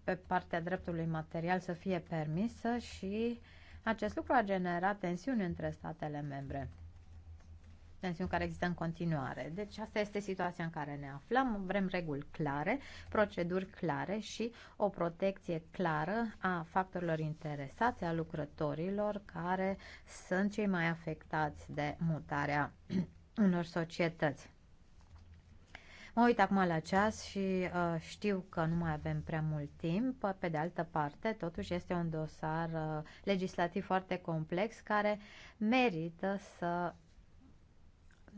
pe partea dreptului material să fie permisă și acest lucru a generat tensiuni între statele membre tensiuni care există în continuare. Deci asta este situația în care ne aflăm. Vrem reguli clare, proceduri clare și o protecție clară a factorilor interesați, a lucrătorilor care sunt cei mai afectați de mutarea unor societăți. Mă uit acum la ceas și uh, știu că nu mai avem prea mult timp. Pe de altă parte, totuși este un dosar uh, legislativ foarte complex care merită să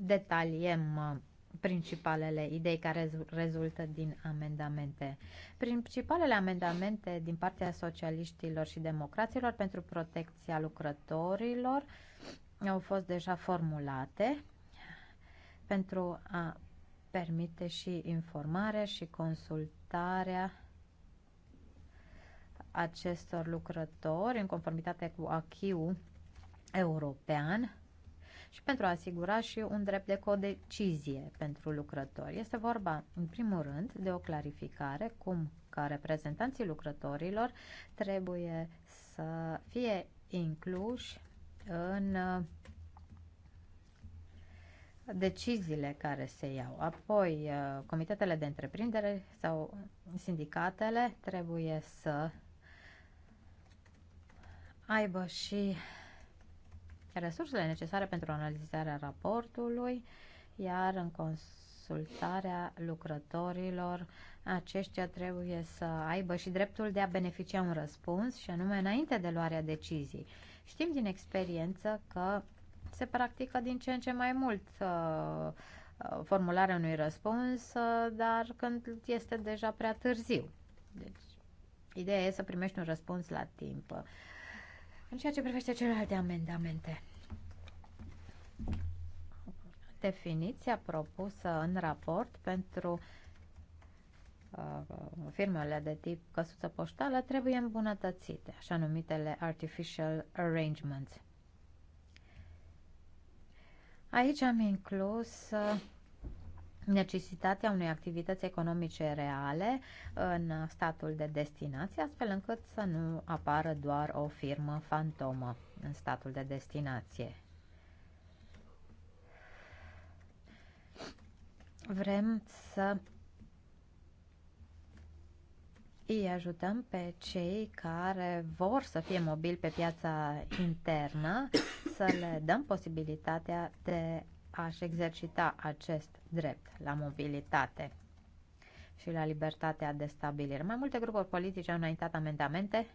detaliem uh, principalele idei care rezultă din amendamente. Principalele amendamente din partea socialiștilor și democraților pentru protecția lucrătorilor au fost deja formulate pentru a permite și informarea și consultarea acestor lucrători în conformitate cu acquis european și pentru a asigura și un drept de codecizie pentru lucrători. Este vorba, în primul rând, de o clarificare cum ca reprezentanții lucrătorilor trebuie să fie incluși în uh, deciziile care se iau. Apoi, uh, comitetele de întreprindere sau sindicatele trebuie să aibă și resursele necesare pentru analizarea raportului, iar în consultarea lucrătorilor, aceștia trebuie să aibă și dreptul de a beneficia un răspuns și anume înainte de luarea deciziei. Știm din experiență că se practică din ce în ce mai mult uh, uh, formularea unui răspuns, uh, dar când este deja prea târziu. Deci, ideea e să primești un răspuns la timp. În ceea ce privește celelalte amendamente, definiția propusă în raport pentru uh, firmele de tip căsuță poștală trebuie îmbunătățite, așa numitele artificial arrangements. Aici am inclus uh, necesitatea unei activități economice reale în statul de destinație, astfel încât să nu apară doar o firmă fantomă în statul de destinație. vrem să îi ajutăm pe cei care vor să fie mobili pe piața internă, să le dăm posibilitatea de a-și exercita acest drept la mobilitate și la libertatea de stabilire. Mai multe grupuri politice au înaintat amendamente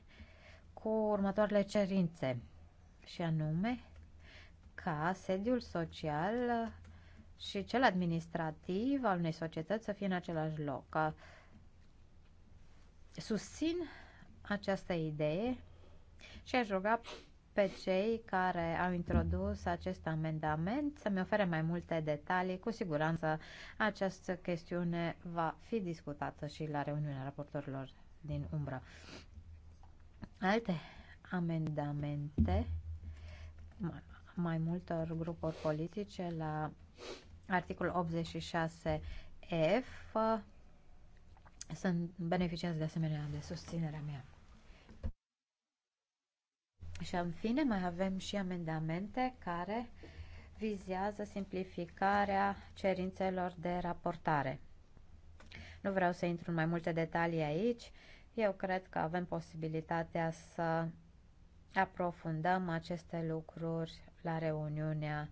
cu următoarele cerințe, și anume ca sediul social și cel administrativ al unei societăți să fie în același loc. Susțin această idee și aș ruga pe cei care au introdus acest amendament să-mi ofere mai multe detalii. Cu siguranță această chestiune va fi discutată și la reuniunea raportorilor din umbră. Alte amendamente mai multor grupuri politice la Articolul 86F sunt beneficiați de asemenea de susținerea mea. Și în fine mai avem și amendamente care vizează simplificarea cerințelor de raportare. Nu vreau să intru în mai multe detalii aici. Eu cred că avem posibilitatea să aprofundăm aceste lucruri la reuniunea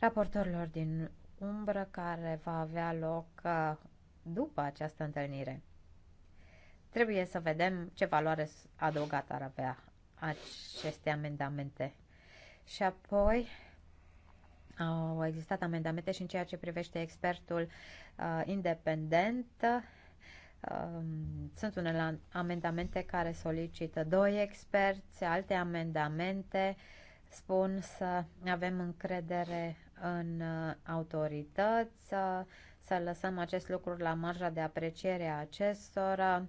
raportorilor din umbră care va avea loc uh, după această întâlnire. Trebuie să vedem ce valoare adăugată ar avea aceste amendamente. Și apoi au existat amendamente și în ceea ce privește expertul uh, independent. Uh, sunt unele amendamente care solicită doi experți, alte amendamente spun să avem încredere în uh, autorități, să lăsăm acest lucru la marja de apreciere a acestora,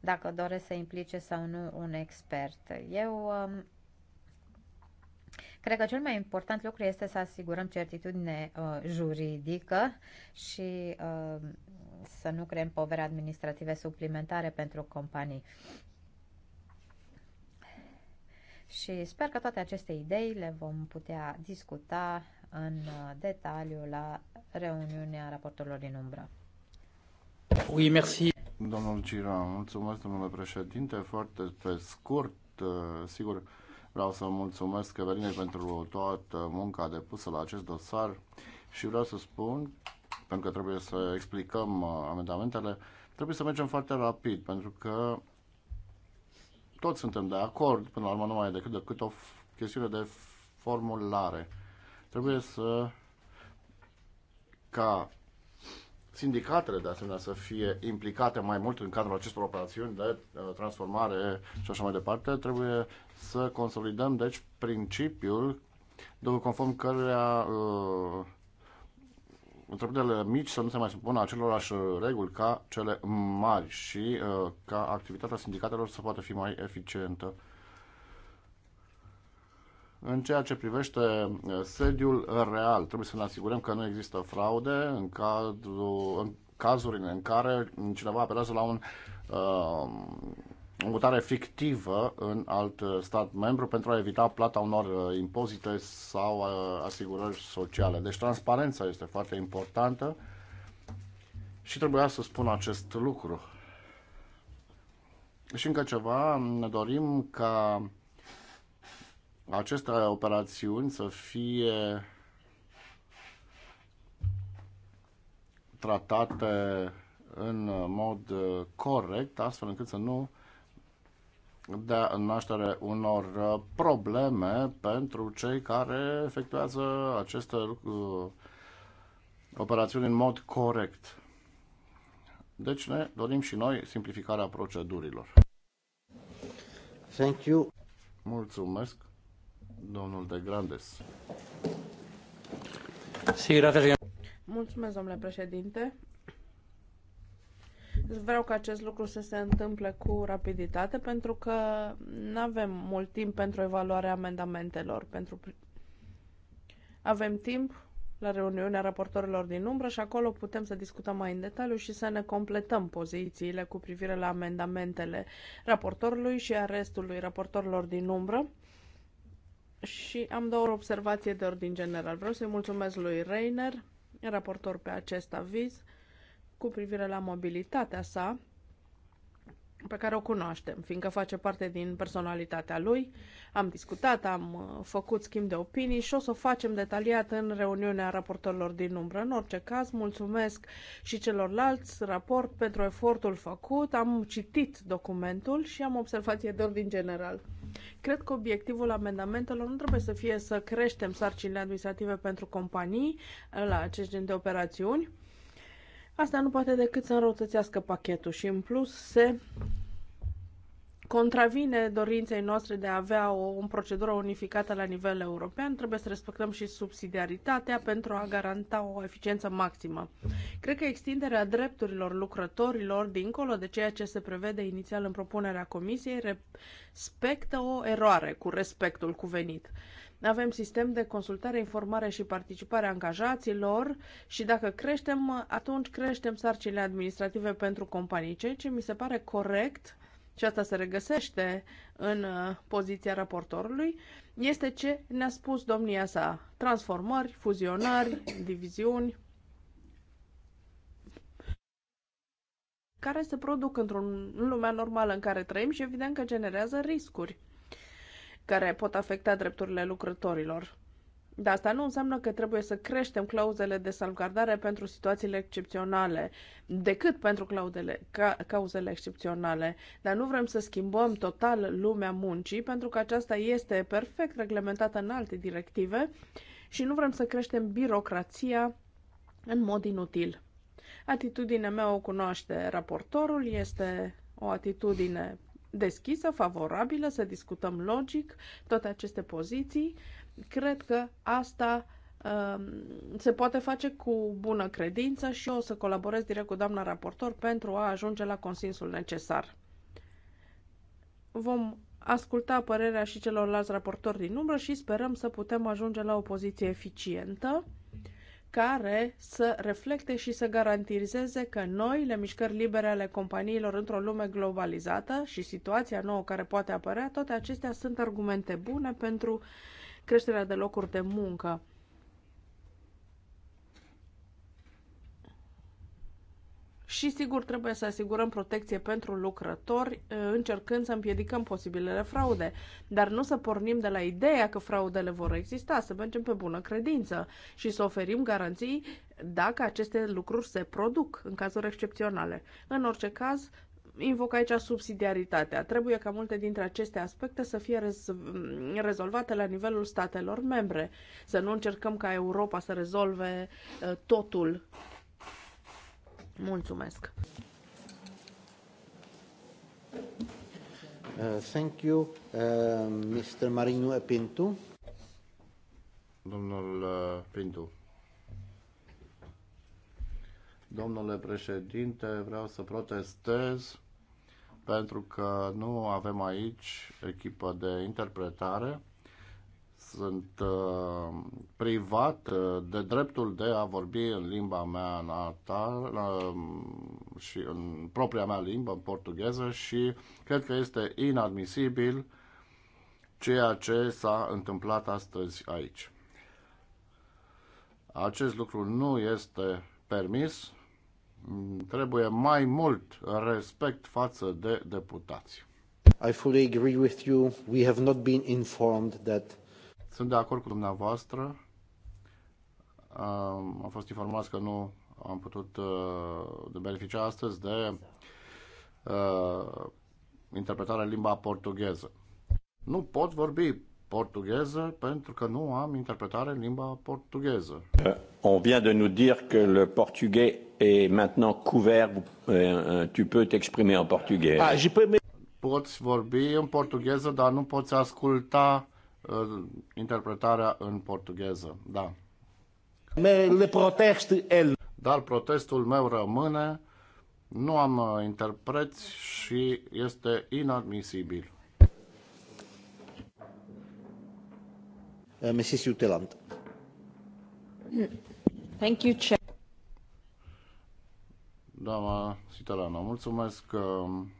dacă doresc să implice sau nu un expert. Eu um, Cred că cel mai important lucru este să asigurăm certitudine uh, juridică și um, să nu creăm povere administrative suplimentare pentru companii. Și sper că toate aceste idei le vom putea discuta în uh, detaliu la reuniunea raportorilor din umbră. Oui, merci. Domnul Cira, mulțumesc, domnule președinte. Foarte pe scurt, uh, sigur, vreau să mulțumesc Eveline pentru toată munca depusă la acest dosar și vreau să spun, pentru că trebuie să explicăm uh, amendamentele, trebuie să mergem foarte rapid, pentru că toți suntem de acord, până la urmă nu mai e decât, decât o chestiune de formulare. Trebuie să ca sindicatele de asemenea să fie implicate mai mult în cadrul acestor operațiuni de uh, transformare și așa mai departe, trebuie să consolidăm deci principiul după conform căruia uh, întreprinderile mici să nu se mai supună acelorași reguli ca cele mari și uh, ca activitatea sindicatelor să poată fi mai eficientă. În ceea ce privește uh, sediul real, trebuie să ne asigurăm că nu există fraude în, cadru, în cazurile în care cineva apelează la un uh, mutare fictivă în alt stat membru pentru a evita plata unor uh, impozite sau uh, asigurări sociale. Deci transparența este foarte importantă și trebuia să spun acest lucru. Și încă ceva, ne dorim ca aceste operațiuni să fie tratate în mod corect, astfel încât să nu dea naștere unor probleme pentru cei care efectuează aceste operațiuni în mod corect. Deci ne dorim și noi simplificarea procedurilor. Thank you. Mulțumesc domnul de Grandes. Mulțumesc, domnule președinte. Vreau ca acest lucru să se întâmple cu rapiditate pentru că nu avem mult timp pentru evaluarea amendamentelor. Pentru... Avem timp la reuniunea raportorilor din umbră și acolo putem să discutăm mai în detaliu și să ne completăm pozițiile cu privire la amendamentele raportorului și a restului raportorilor din umbră și am doar o observație de ordin general. Vreau să-i mulțumesc lui Reiner, raportor pe acest aviz, cu privire la mobilitatea sa, pe care o cunoaștem, fiindcă face parte din personalitatea lui. Am discutat, am uh, făcut schimb de opinii și o să o facem detaliat în reuniunea raportorilor din umbră. În orice caz, mulțumesc și celorlalți raport pentru efortul făcut. Am citit documentul și am observație de ordin general. Cred că obiectivul amendamentelor nu trebuie să fie să creștem sarcinile administrative pentru companii uh, la acest gen de operațiuni. Asta nu poate decât să înrăutățească pachetul și în plus se contravine dorinței noastre de a avea o, o procedură unificată la nivel european, trebuie să respectăm și subsidiaritatea pentru a garanta o eficiență maximă. Cred că extinderea drepturilor lucrătorilor, dincolo de ceea ce se prevede inițial în propunerea Comisiei, respectă o eroare cu respectul cuvenit. Avem sistem de consultare, informare și participare a angajaților și dacă creștem, atunci creștem sarcinile administrative pentru companii, ceea ce mi se pare corect și asta se regăsește în uh, poziția raportorului, este ce ne-a spus domnia sa. Transformări, fuzionari, diviziuni, care se produc într o lumea normală în care trăim și evident că generează riscuri care pot afecta drepturile lucrătorilor. Dar asta nu înseamnă că trebuie să creștem clauzele de salvgardare pentru situațiile excepționale, decât pentru clauzele, ca, cauzele excepționale. Dar nu vrem să schimbăm total lumea muncii, pentru că aceasta este perfect reglementată în alte directive și nu vrem să creștem birocrația în mod inutil. Atitudinea mea o cunoaște raportorul, este o atitudine deschisă, favorabilă, să discutăm logic toate aceste poziții Cred că asta um, se poate face cu bună credință și eu o să colaborez direct cu doamna raportor pentru a ajunge la consensul necesar. Vom asculta părerea și celorlalți raportori din umbră și sperăm să putem ajunge la o poziție eficientă care să reflecte și să garantizeze că noile mișcări libere ale companiilor într-o lume globalizată și situația nouă care poate apărea, toate acestea sunt argumente bune pentru uh, creșterea de locuri de muncă. Și sigur trebuie să asigurăm protecție pentru lucrători, eh, încercând să împiedicăm posibilele fraude, dar nu să pornim de la ideea că fraudele vor exista, să mergem pe bună credință și să oferim garanții dacă aceste lucruri se produc în cazuri excepționale. În orice caz, invoc aici subsidiaritatea. Trebuie ca multe dintre aceste aspecte să fie rez- rezolvate la nivelul statelor membre. Să nu încercăm ca Europa să rezolve uh, totul. Mulțumesc. Uh, thank you, uh, Mr. Marinu Pintu. Domnul uh, Pintu. Domnule președinte, vreau să protestez pentru că nu avem aici echipă de interpretare. Sunt uh, privat uh, de dreptul de a vorbi în limba mea natală uh, și în propria mea limbă, în portugheză, și cred că este inadmisibil ceea ce s-a întâmplat astăzi aici. Acest lucru nu este permis trebuie mai mult respect față de deputați. I fully agree with you. We have not been informed that sunt de acord cu dumneavoastră. Am fost informați că nu am putut uh, de beneficia astăzi de uh, interpretarea în limba portugheză. Nu pot vorbi portugheză pentru că nu am interpretare în limba portugheză. On vient de nous dire que le portugais est maintenant couvert. Euh, euh, tu peux t'exprimer en portugais. Ah, je peux... Poți vorbi în portugheză, dar nu poți asculta uh, interpretarea în portugheză. Da. Le protest el. Dar protestul meu rămâne. Nu am uh, interpreți și este inadmisibil. Uh, Mrs. Uteland. Thank you, Chair. Doamna Sitelana, mulțumesc um,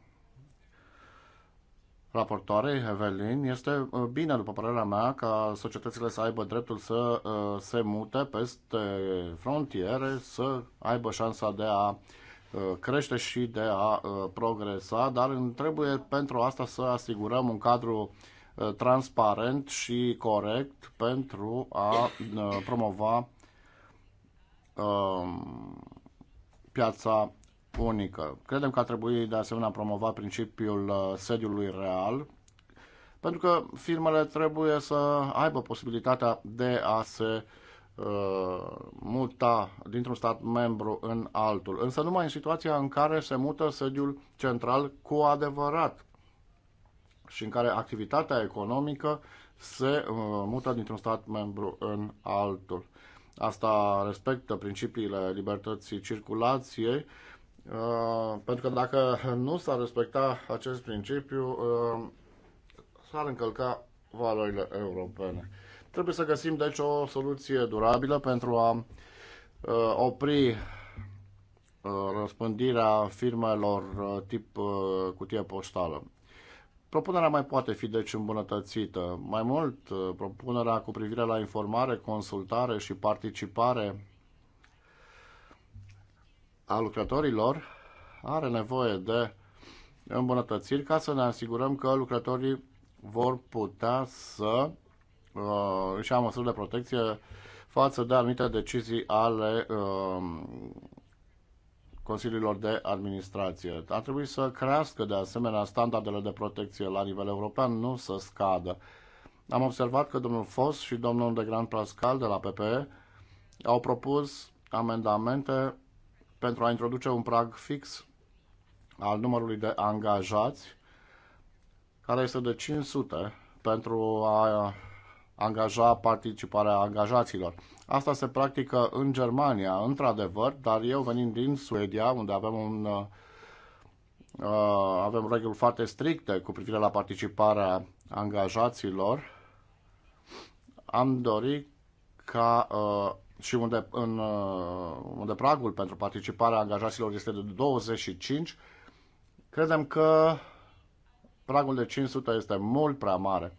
raportoarei Evelyn. Este uh, bine, după părerea mea, ca societățile să aibă dreptul să uh, se mute peste frontiere, să aibă șansa de a uh, crește și de a progresa, dar trebuie pentru asta să asigurăm un cadru transparent și corect pentru a promova um, piața unică. Credem că ar trebui de asemenea promovat principiul uh, sediului real, pentru că firmele trebuie să aibă posibilitatea de a se uh, muta dintr-un stat membru în altul, însă numai în situația în care se mută sediul central cu adevărat și în care activitatea economică se uh, mută dintr-un stat membru în altul. Asta respectă principiile libertății circulației, uh, pentru că dacă nu s-ar respecta acest principiu, uh, s-ar încălca valorile europene. Trebuie să găsim, deci, o soluție durabilă pentru a uh, opri răspândirea firmelor tip cutie poștală. Propunerea mai poate fi deci îmbunătățită. Mai mult, uh, propunerea cu privire la informare, consultare și participare a lucrătorilor are nevoie de îmbunătățiri ca să ne asigurăm că lucrătorii vor putea să uh, își ia măsuri de protecție față de anumite decizii ale uh, consiliilor de administrație. Ar trebui să crească de asemenea standardele de protecție la nivel european, nu să scadă. Am observat că domnul Fos și domnul de Grand Pascal de la PPE au propus amendamente pentru a introduce un prag fix al numărului de angajați, care este de 500 pentru a angaja participarea angajaților. Asta se practică în Germania, într-adevăr, dar eu venind din Suedia, unde avem un uh, uh, avem reguli foarte stricte cu privire la participarea angajaților, am dorit ca uh, și unde, în, uh, unde pragul pentru participarea angajaților este de 25, credem că pragul de 500 este mult prea mare.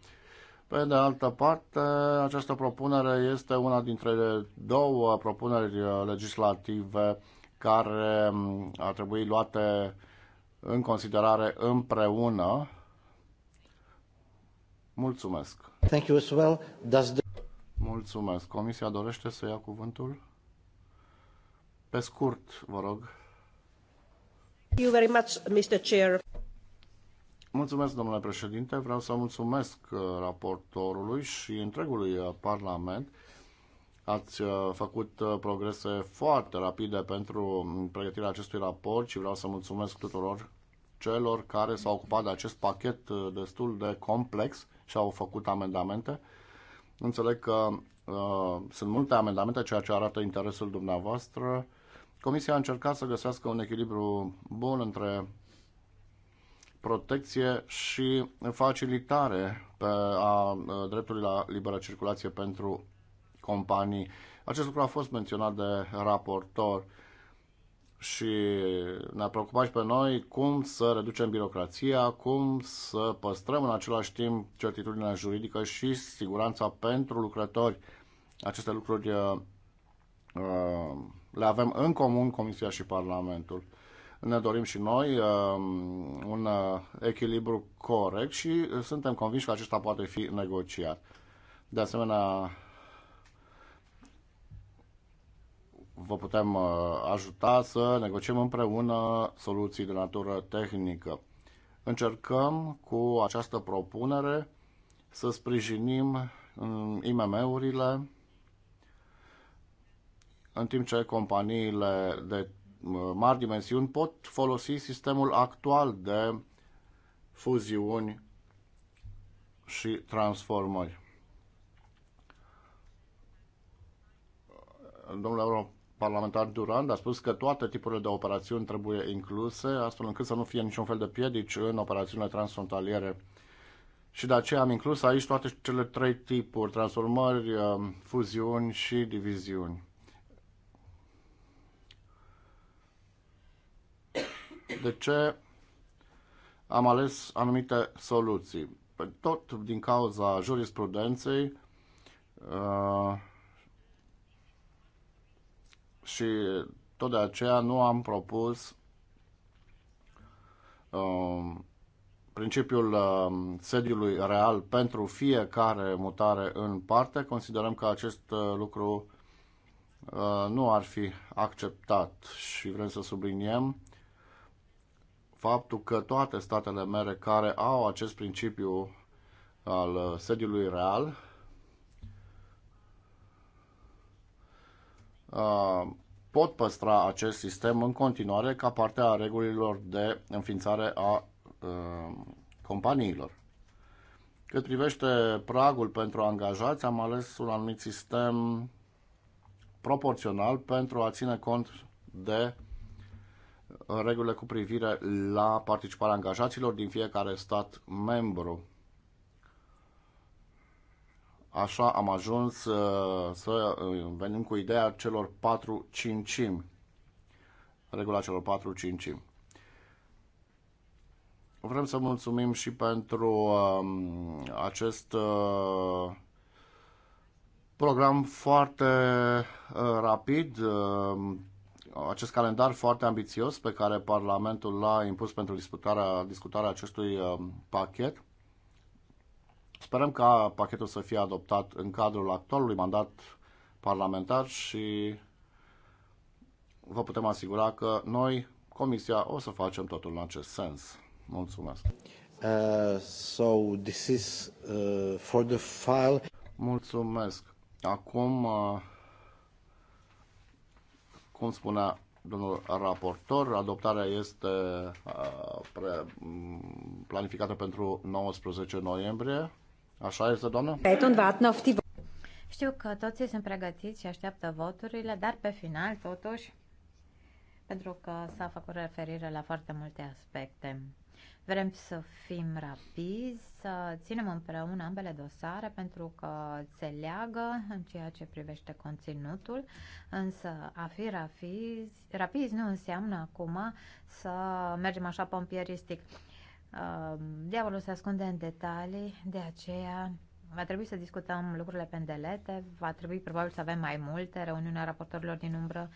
Pe de altă parte, această propunere este una dintre două propuneri legislative care mm, ar trebui luate în considerare împreună. Mulțumesc. Thank you as well. Does the... Mulțumesc. Comisia dorește să ia cuvântul? Pe scurt, vă rog. Thank you very much, Mr. Chair. Mulțumesc, domnule președinte. Vreau să mulțumesc uh, raportorului și întregului uh, Parlament. Ați uh, făcut progrese foarte rapide pentru um, pregătirea acestui raport și vreau să mulțumesc tuturor celor care s-au ocupat de acest pachet destul de complex și au făcut amendamente. Înțeleg că uh, sunt multe amendamente, ceea ce arată interesul dumneavoastră. Comisia a încercat să găsească un echilibru bun între protecție și facilitare pe a uh, dreptului la liberă circulație pentru companii. Acest lucru a fost menționat de raportor și ne-a preocupat și pe noi cum să reducem birocrația, cum să păstrăm în același timp certitudinea juridică și siguranța pentru lucrători. Aceste lucruri uh, uh, le avem în comun Comisia și Parlamentul ne dorim și noi um, un uh, echilibru corect și uh, suntem convinși că acesta poate fi negociat. De asemenea, vă putem uh, ajuta să negociem împreună soluții de natură tehnică. Încercăm cu această propunere să sprijinim um, IMM-urile, în timp ce companiile de Uh, mari dimensiuni pot folosi sistemul actual de fuziuni și transformări. Domnul europarlamentar Durand a spus că toate tipurile de operațiuni trebuie incluse, astfel încât să nu fie niciun fel de piedici în operațiunile transfrontaliere. Și de aceea am inclus aici toate cele trei tipuri, transformări, uh, fuziuni și diviziuni. de ce am ales anumite soluții. Tot din cauza jurisprudenței uh, și tot de aceea nu am propus uh, principiul uh, sediului real pentru fiecare mutare în parte. Considerăm că acest uh, lucru uh, nu ar fi acceptat și vrem să subliniem faptul că toate statele mere care au acest principiu al uh, sediului real uh, pot păstra acest sistem în continuare ca parte a regulilor de înființare a uh, companiilor. Cât privește pragul pentru angajați, am ales un anumit sistem proporțional pentru a ține cont de în regulile cu privire la participarea angajaților din fiecare stat membru. Așa am ajuns uh, să uh, venim cu ideea celor 4 cincimi. Regula celor 4 cincimi. Vrem să mulțumim și pentru um, acest uh, program foarte rapid um, acest calendar foarte ambițios pe care Parlamentul l-a impus pentru discutarea, discutarea acestui uh, pachet. Sperăm ca pachetul să fie adoptat în cadrul actualului mandat parlamentar și vă putem asigura că noi, Comisia, o să facem totul în acest sens. Mulțumesc. Uh, so this is uh, for the file. Mulțumesc. Acum uh, cum spunea domnul raportor, adoptarea este planificată pentru 19 noiembrie. Așa este, doamnă? Știu că toții sunt pregătiți și așteaptă voturile, dar pe final, totuși, pentru că s-a făcut referire la foarte multe aspecte. Vrem să fim rapizi, să ținem împreună ambele dosare pentru că se leagă în ceea ce privește conținutul, însă a fi rapizi, rapizi nu înseamnă acum să mergem așa pompieristic. Uh, diavolul se ascunde în detalii, de aceea va trebui să discutăm lucrurile pendelete, va trebui probabil să avem mai multe reuniunea raportorilor din umbră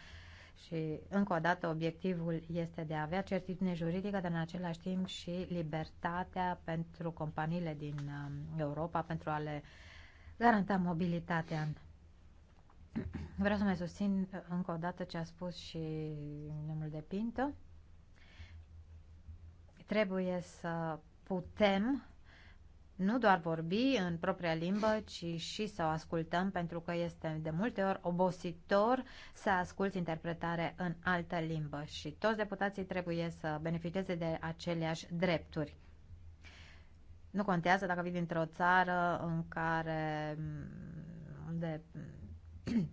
și, încă o dată, obiectivul este de a avea certitudine juridică, dar în același timp și libertatea pentru companiile din um, Europa pentru a le garanta mobilitatea. Vreau să mai susțin uh, încă o dată ce a spus și domnul de Pinto. Trebuie să putem nu doar vorbi în propria limbă, ci și să o ascultăm, pentru că este de multe ori obositor să asculți interpretare în altă limbă și toți deputații trebuie să beneficieze de aceleași drepturi. Nu contează dacă vii dintr-o țară în care unde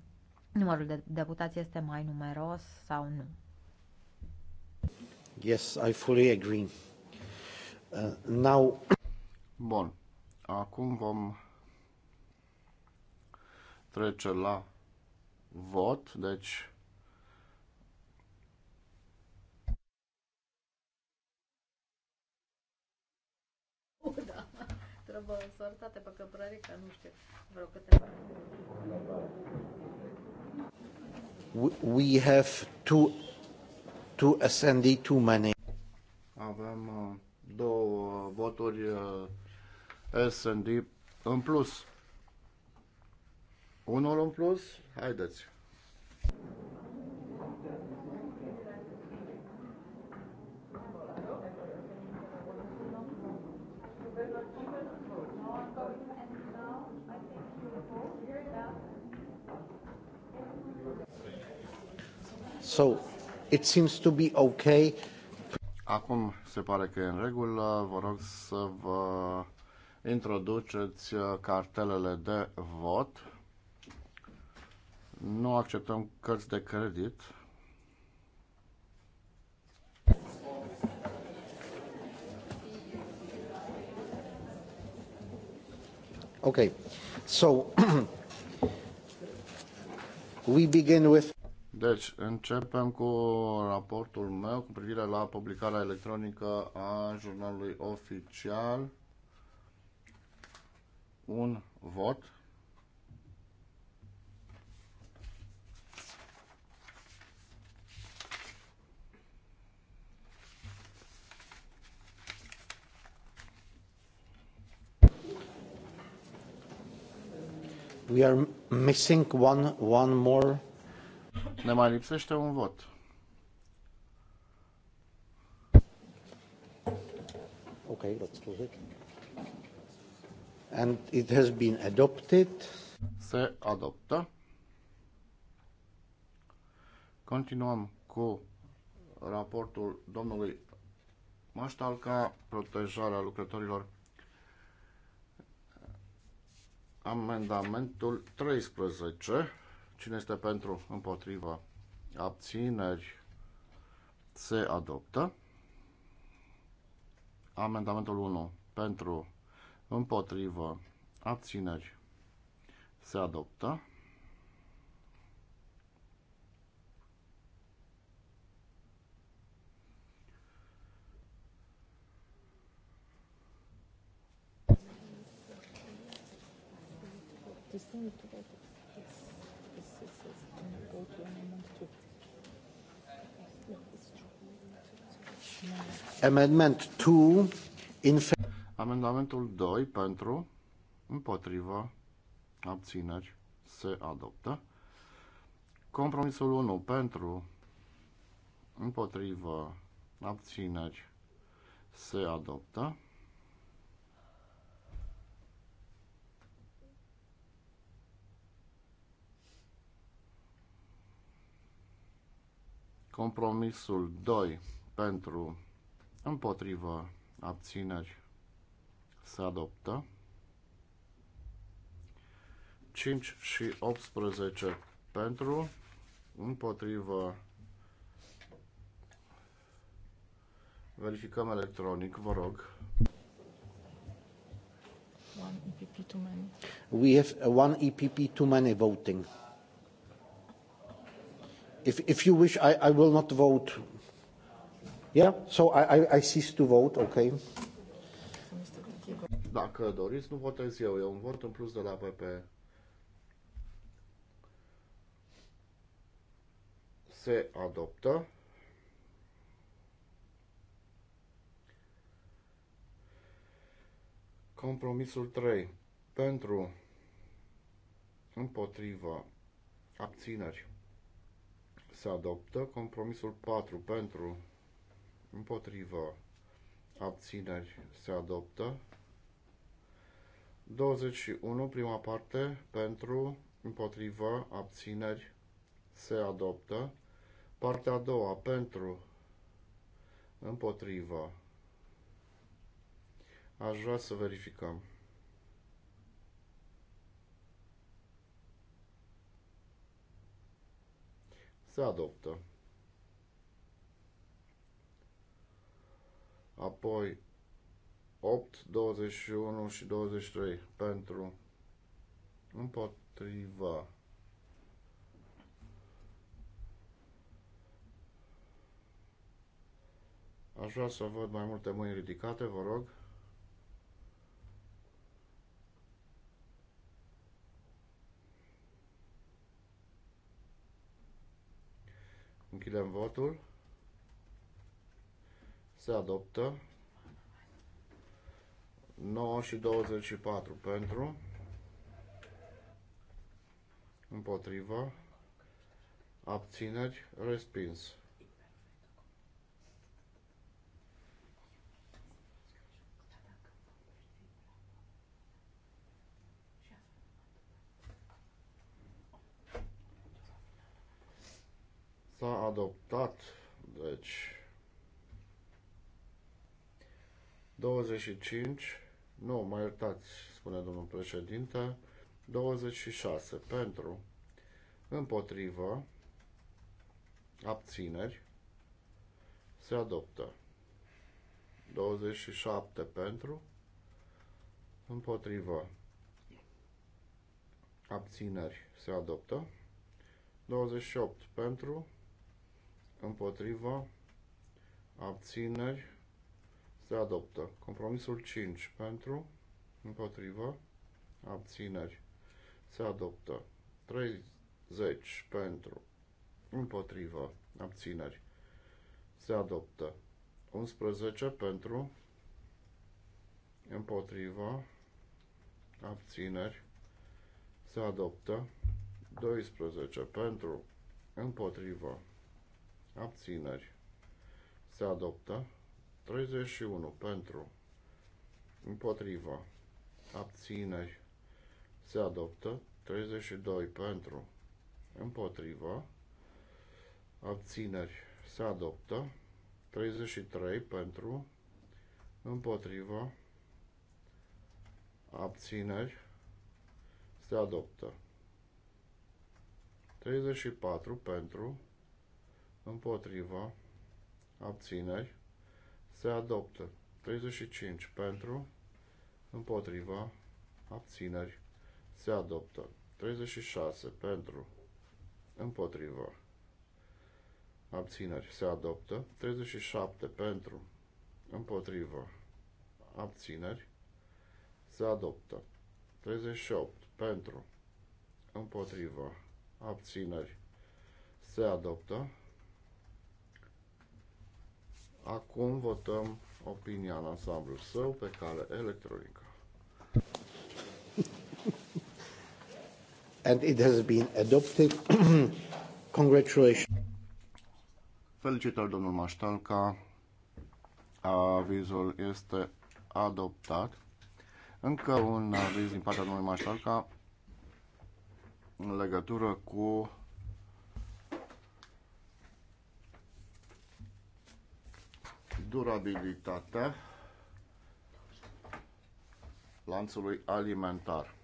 numărul de deputați este mai numeros sau nu. Yes, I fully agree. Uh, now Bun. Acum vom trece la vot. Deci, da. Trebuie sortate pe căprărica, nu știu, vreo câteva. We have two, two SND too many. Avem uh, două voturi uh, S&D în plus. Unul în plus? Haideți! So it seems to be okay. Acum se pare că e în regulă. Vă rog să vă introduceți uh, cartelele de vot. Nu acceptăm cărți de credit. Ok. So, we begin with... Deci, începem cu raportul meu cu privire la publicarea electronică a jurnalului oficial un vot. We are missing one, one more. Ne mai lipsește un vot. Okay, let's close it and it has been adopted. Se adoptă. Continuăm cu raportul domnului Maștalca, protejarea lucrătorilor. Amendamentul 13. Cine este pentru, împotriva, abțineri, se adoptă. Amendamentul 1. Pentru, împotrivă, abțineri, se adoptă. Amendment 2 in Amendamentul 2 pentru, împotriva, abțineri, se adoptă. Compromisul 1 pentru, împotriva, abțineri, se adoptă. Compromisul 2 pentru împotrivă abțineri se adoptă. 5 și 18 pentru, împotrivă, verificăm electronic, vă rog. One EPP too many. We have one EPP too many voting. If, if you wish, I, I will not vote. Yeah, so I, I, I cease to vote, okay dacă doriți, nu votez eu, e un vot în plus de la PP. Se adoptă. Compromisul 3. Pentru, împotriva, abțineri. Se adoptă. Compromisul 4. Pentru, împotriva, abțineri. Se adoptă. 21, prima parte, pentru, împotrivă, abțineri, se adoptă. Partea a doua, pentru, împotrivă. Aș vrea să verificăm. Se adoptă. Apoi 8, 21 și 23 pentru împotriva Aș vrea să văd mai multe mâini ridicate, vă rog. Închidem votul. Se adoptă. 9 și 24 pentru, împotriva, abțineri, respins. S-a adoptat, deci, 25 nu, mai iertați, spune domnul președinte. 26. Pentru. Împotrivă. Abțineri. Se adoptă. 27 pentru. Împotrivă. Abțineri. Se adoptă. 28 pentru. Împotrivă. Abțineri se adoptă. Compromisul 5 pentru, împotrivă, abțineri, se adoptă. 30 pentru, împotrivă, abțineri, se adoptă. 11 pentru, împotrivă, abțineri, se adoptă. 12 pentru, împotrivă, abțineri, se adoptă. 31 pentru, împotriva, abțineri, se adoptă. 32 pentru, împotriva, abțineri, se adoptă. 33 pentru, împotriva, abțineri, se adoptă. 34 pentru, împotriva, abțineri, se adoptă. 35 pentru, împotriva, abțineri, se adoptă. 36 pentru, împotriva, abțineri, se adoptă. 37 pentru, împotriva, abțineri, se adoptă. 38 pentru, împotriva, abțineri, se adoptă. Acum votăm opinia în ansamblul său pe cale electronică. And it has been adopted. Congratulations. Felicitări, domnul Maștalca. Avizul este adoptat. Încă un aviz din partea domnului Maștalca în legătură cu durabilitatea lanțului alimentar.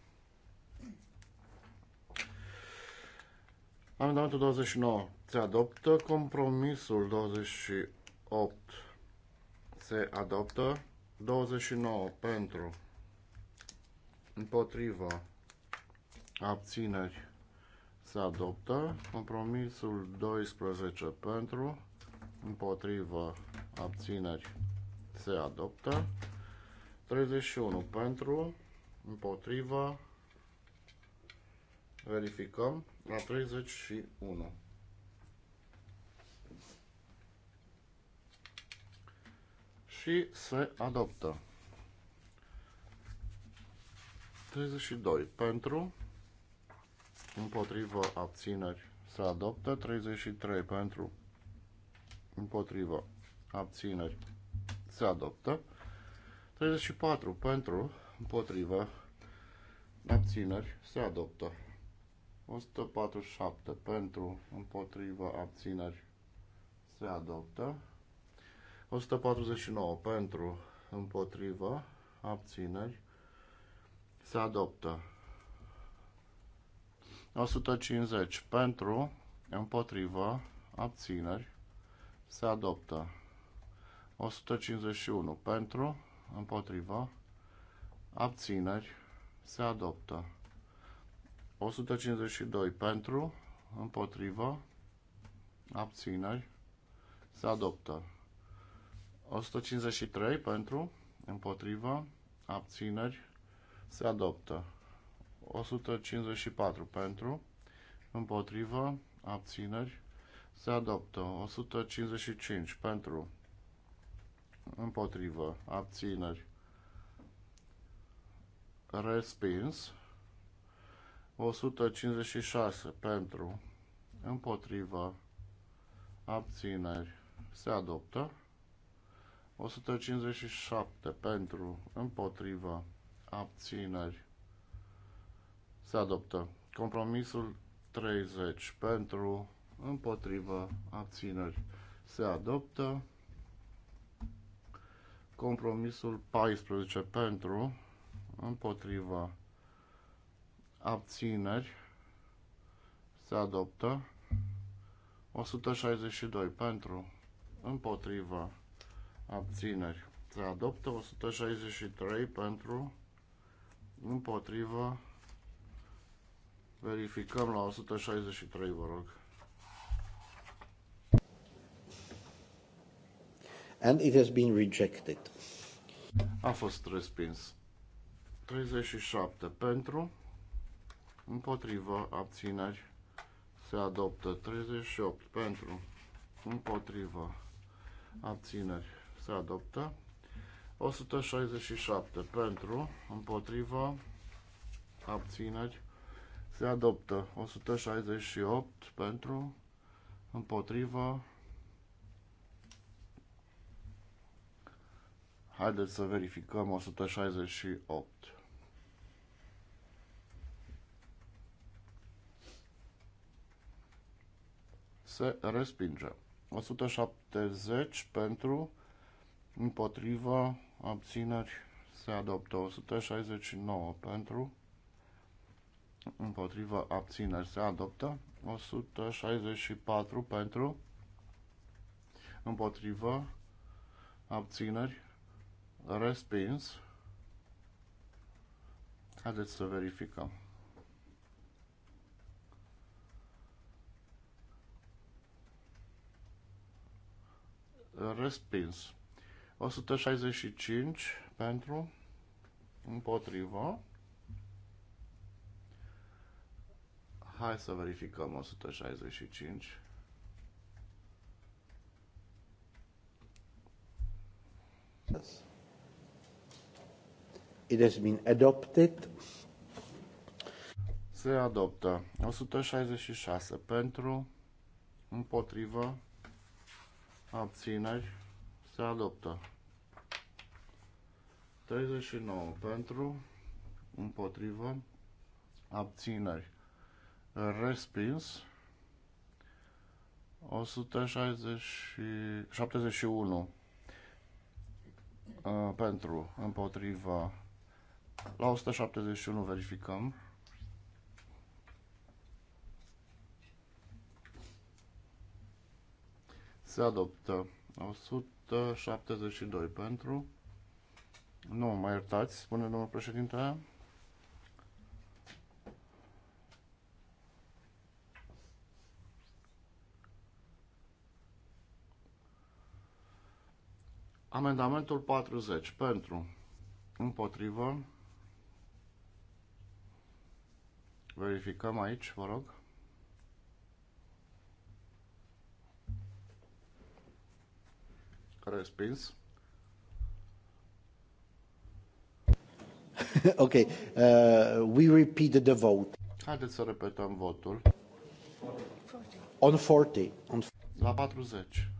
Amendamentul 29 se adoptă, compromisul 28 se adoptă, 29 pentru, împotrivă, abțineri se adoptă, compromisul 12 pentru, împotrivă, abțineri se adoptă. 31 pentru, împotriva, verificăm la 31. Și se adoptă. 32 pentru, împotriva, abțineri se adoptă. 33 pentru, împotriva, abțineri se adoptă. 34 pentru, împotrivă, abțineri se adoptă. 147 pentru, împotrivă, abțineri se adoptă. 149 pentru, împotrivă, abțineri se adoptă. 150 pentru, împotrivă, abțineri se adoptă. 151 pentru, împotriva, abțineri, se adoptă. 152 pentru, împotriva, abțineri, se adoptă. 153 pentru, împotriva, abțineri, se adoptă. 154 pentru, împotriva, abțineri, se adoptă. 155 pentru, împotrivă, abțineri, respins, 156 pentru, împotrivă, abțineri, se adoptă, 157 pentru, împotrivă, abțineri, se adoptă. Compromisul 30 pentru, împotrivă, abțineri, se adoptă. Compromisul 14 pentru, împotriva, abțineri, se adoptă. 162 pentru, împotriva, abțineri, se adoptă. 163 pentru, împotriva, verificăm la 163, vă rog. and it has been rejected. A fost respins. 37 pentru, împotriva abțineri se adoptă. 38 pentru, împotriva abțineri se adoptă. 167 pentru, împotriva abțineri se adoptă. 168 pentru, împotriva Haideți să verificăm 168. Se respinge. 170 pentru, împotriva, abțineri, se adoptă. 169 pentru, împotriva, abțineri, se adoptă. 164 pentru, împotriva, abțineri, respins. Haideți să verificăm. Respins. 165 pentru împotrivă. Hai să verificăm 165. Yes. It has been adopted. Se adoptă 166 pentru, împotrivă, abțineri, se adoptă 39 pentru, împotrivă, abțineri, respins 171 uh, pentru, împotriva, la 171 verificăm. Se adoptă. 172 pentru. Nu, mă iertați, spune domnul președinte. Amendamentul 40 pentru împotrivă Verificăm aici, vă rog. Care Respins. ok, uh, we repeat the vote. Haideți să repetăm votul. 40. On 40. On... La 40.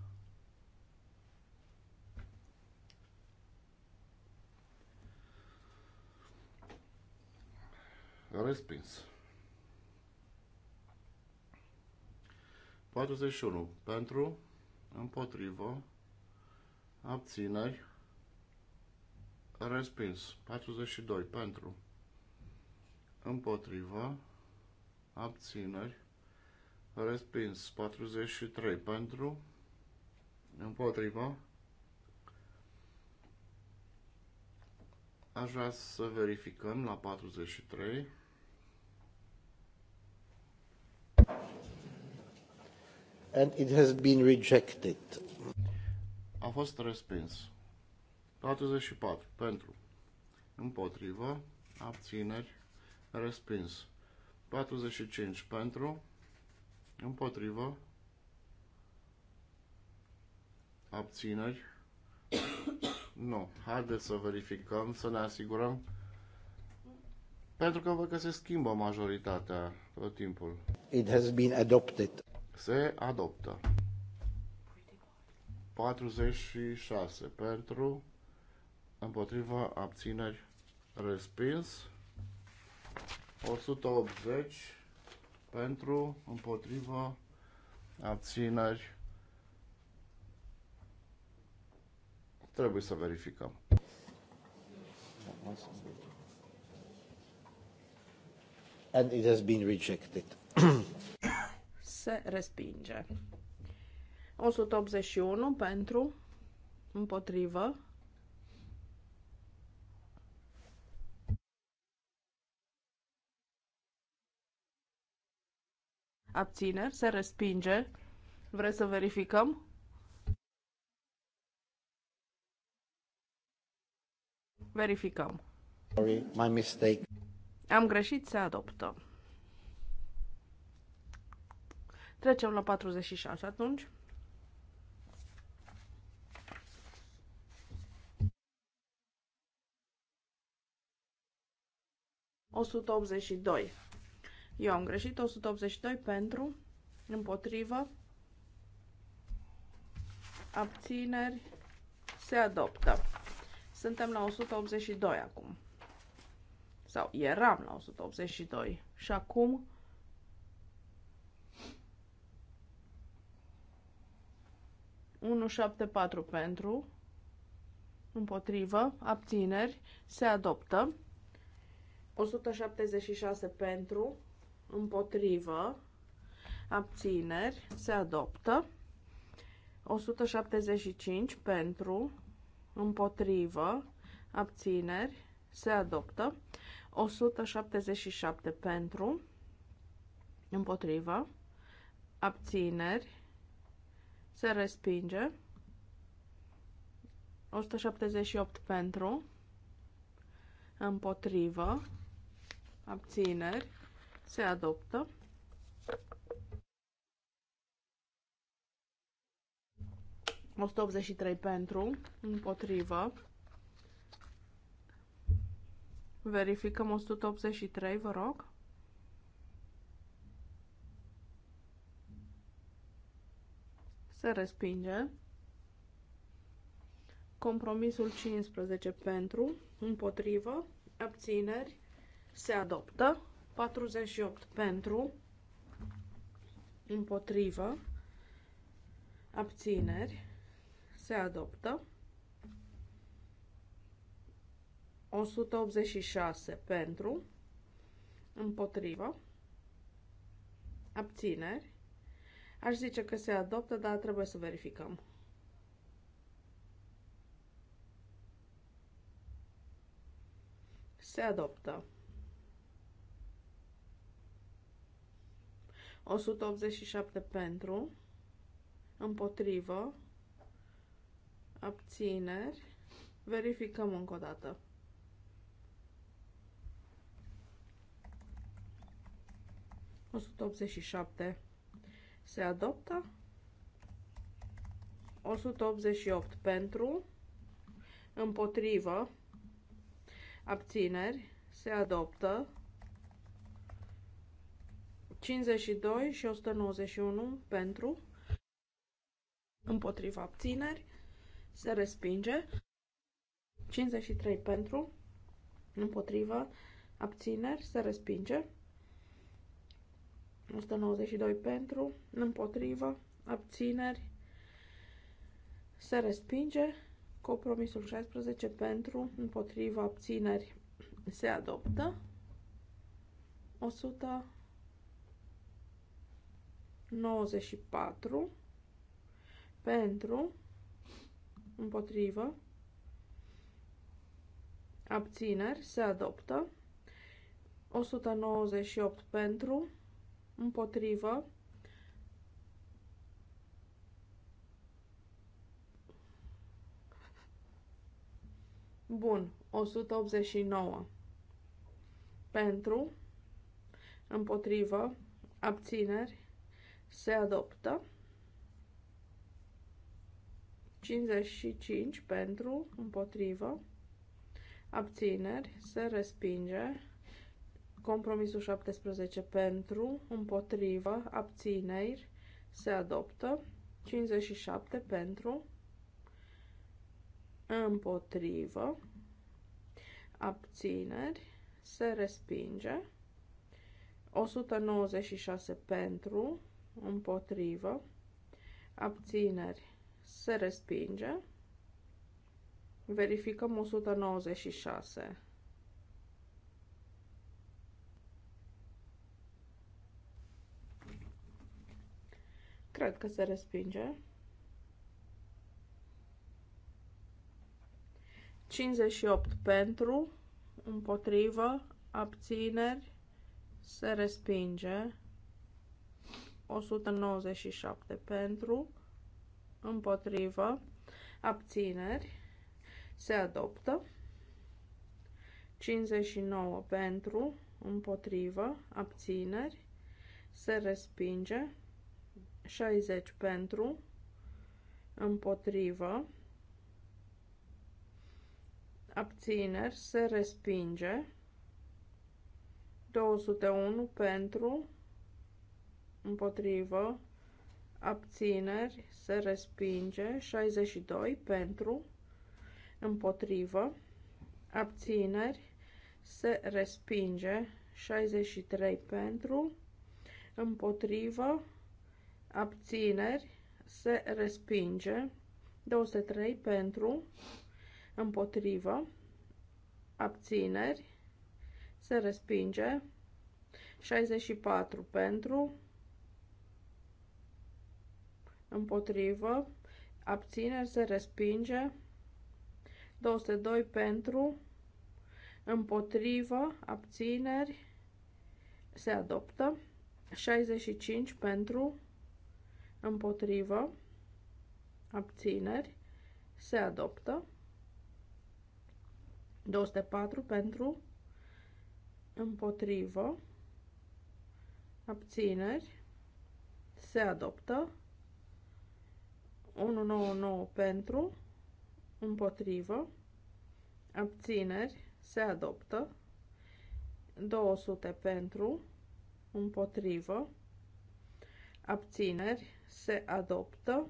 Respins. 41 pentru, împotrivă, abțineri, respins. 42 pentru, împotrivă, abțineri, respins. 43 pentru, împotrivă, aș vrea să verificăm la 43. and it has been rejected. A fost respins. 44 pentru. Împotrivă. Abțineri. Respins. 45 pentru. Împotrivă. Abțineri. nu. Haideți să verificăm, să ne asigurăm. Pentru că văd că se schimbă majoritatea tot timpul. It has been adopted. Se adoptă. 46 pentru, împotriva abțineri respins. 180 pentru, împotriva abțineri. Trebuie să verificăm. And it has been rejected. se respinge. 181 pentru, împotrivă, abțineri, se respinge. Vreți să verificăm? Verificăm. Sorry, my mistake. Am greșit, se adoptă. Trecem la 46 atunci. ...182. Eu am greșit 182 pentru, împotrivă, abțineri, se adoptă. Suntem la 182 acum. Sau eram la 182. Și acum 174 pentru, împotrivă, abțineri, se adoptă. 176 pentru, împotrivă, abțineri, se adoptă. 175 pentru, împotrivă, abțineri, se adoptă. 177 pentru, împotrivă, abțineri, se respinge. 178 pentru, împotrivă, abțineri, se adoptă. trei pentru, împotrivă. Verificăm 183, vă rog. Se respinge. Compromisul 15 pentru, împotrivă, abțineri, se adoptă. 48 pentru, împotrivă, abțineri, se adoptă. 186 pentru, împotrivă, abțineri, Aș zice că se adoptă, dar trebuie să verificăm. Se adoptă. 187 pentru, împotrivă, abțineri, verificăm încă o dată. 187 se adoptă. 188 pentru, împotrivă, abțineri, se adoptă. 52 și 191 pentru, împotrivă, abțineri, se respinge. 53 pentru, împotrivă, abțineri, se respinge. 192 pentru, împotrivă, abțineri, se respinge. Compromisul 16 pentru, împotrivă, abțineri, se adoptă. 194 pentru, împotrivă, abțineri, se adoptă. 198 pentru, împotrivă, Bun, 189. Pentru, împotrivă, abțineri, se adoptă. 55 pentru, împotrivă, abțineri, se respinge. Compromisul 17 pentru, împotrivă, abțineri, se adoptă. 57 pentru, împotrivă, abțineri, se respinge. 196 pentru, împotrivă, abțineri, se respinge. Verificăm 196. Cred că se respinge. 58 pentru, împotrivă, abțineri, se respinge. 197 pentru, împotrivă, abțineri, se adoptă. 59 pentru, împotrivă, abțineri, se respinge. 60 pentru, împotrivă, abțineri, se respinge, 201 pentru, împotrivă, abțineri, se respinge, 62 pentru, împotrivă, abțineri, se respinge, 63 pentru, împotrivă, abțineri, se respinge. 203 pentru, împotrivă, abțineri, se respinge. 64 pentru, împotrivă, abțineri, se respinge. 202 pentru, împotrivă, abțineri, se adoptă. 65 pentru, împotrivă, abțineri, se adoptă. 204 pentru, împotrivă, abțineri, se adoptă. 199 pentru, împotrivă, abțineri, se adoptă. 200 pentru, împotrivă, abțineri, se adoptă.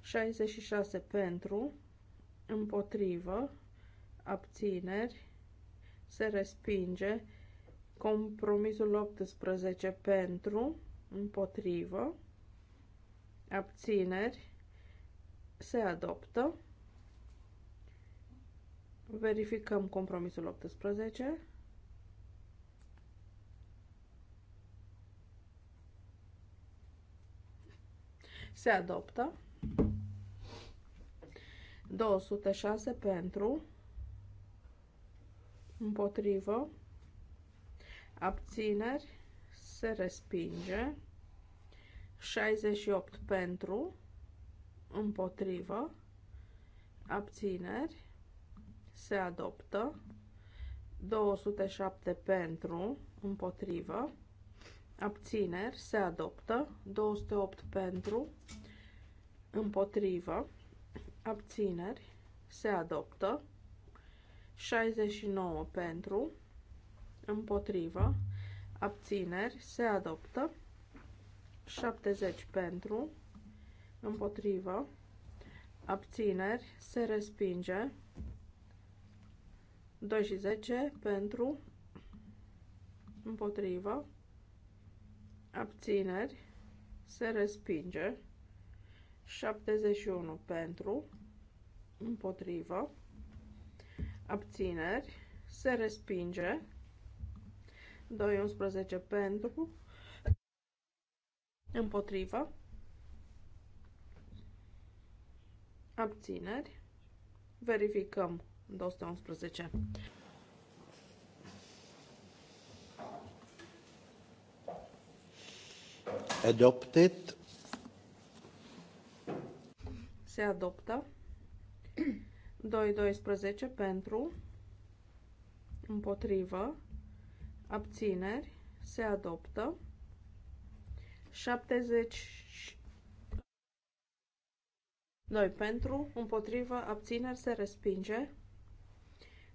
66 pentru, împotrivă, abțineri, se respinge. Compromisul 18 pentru, împotrivă, abțineri, se adoptă. Verificăm compromisul 18. se adoptă. 206 pentru, împotrivă, abțineri, se respinge. 68 pentru, împotrivă, abțineri, se adoptă. 207 pentru, împotrivă, abțineri, se adoptă. 208 pentru, împotrivă, abțineri, se adoptă. 69 pentru, împotrivă, abțineri, se adoptă. 70 pentru, împotrivă, abțineri, se respinge. 2 și 10 pentru, împotrivă, abțineri, se respinge. 71 pentru, împotrivă, abțineri, se respinge. 211 pentru, împotrivă, abțineri, verificăm 211. Adopted. Se adoptă. 2.12 pentru, împotrivă, abțineri, se adoptă. 72 pentru, împotrivă, abțineri, se respinge.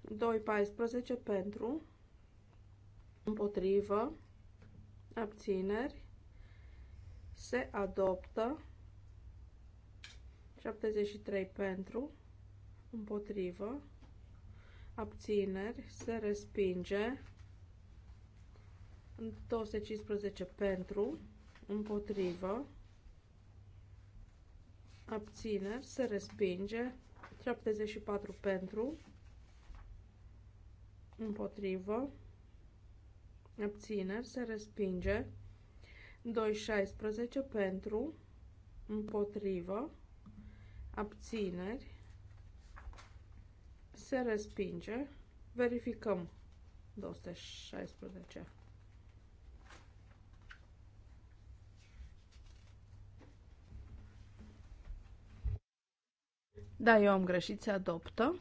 2.14 pentru, împotrivă, abțineri, se adoptă 73 pentru, împotrivă, abțineri, se respinge 215 pentru, împotrivă, abțineri, se respinge 74 pentru, împotrivă, abțineri, se respinge 2.16 pentru, împotrivă, abțineri, se respinge, verificăm 216. Da, eu am greșit, se adoptă.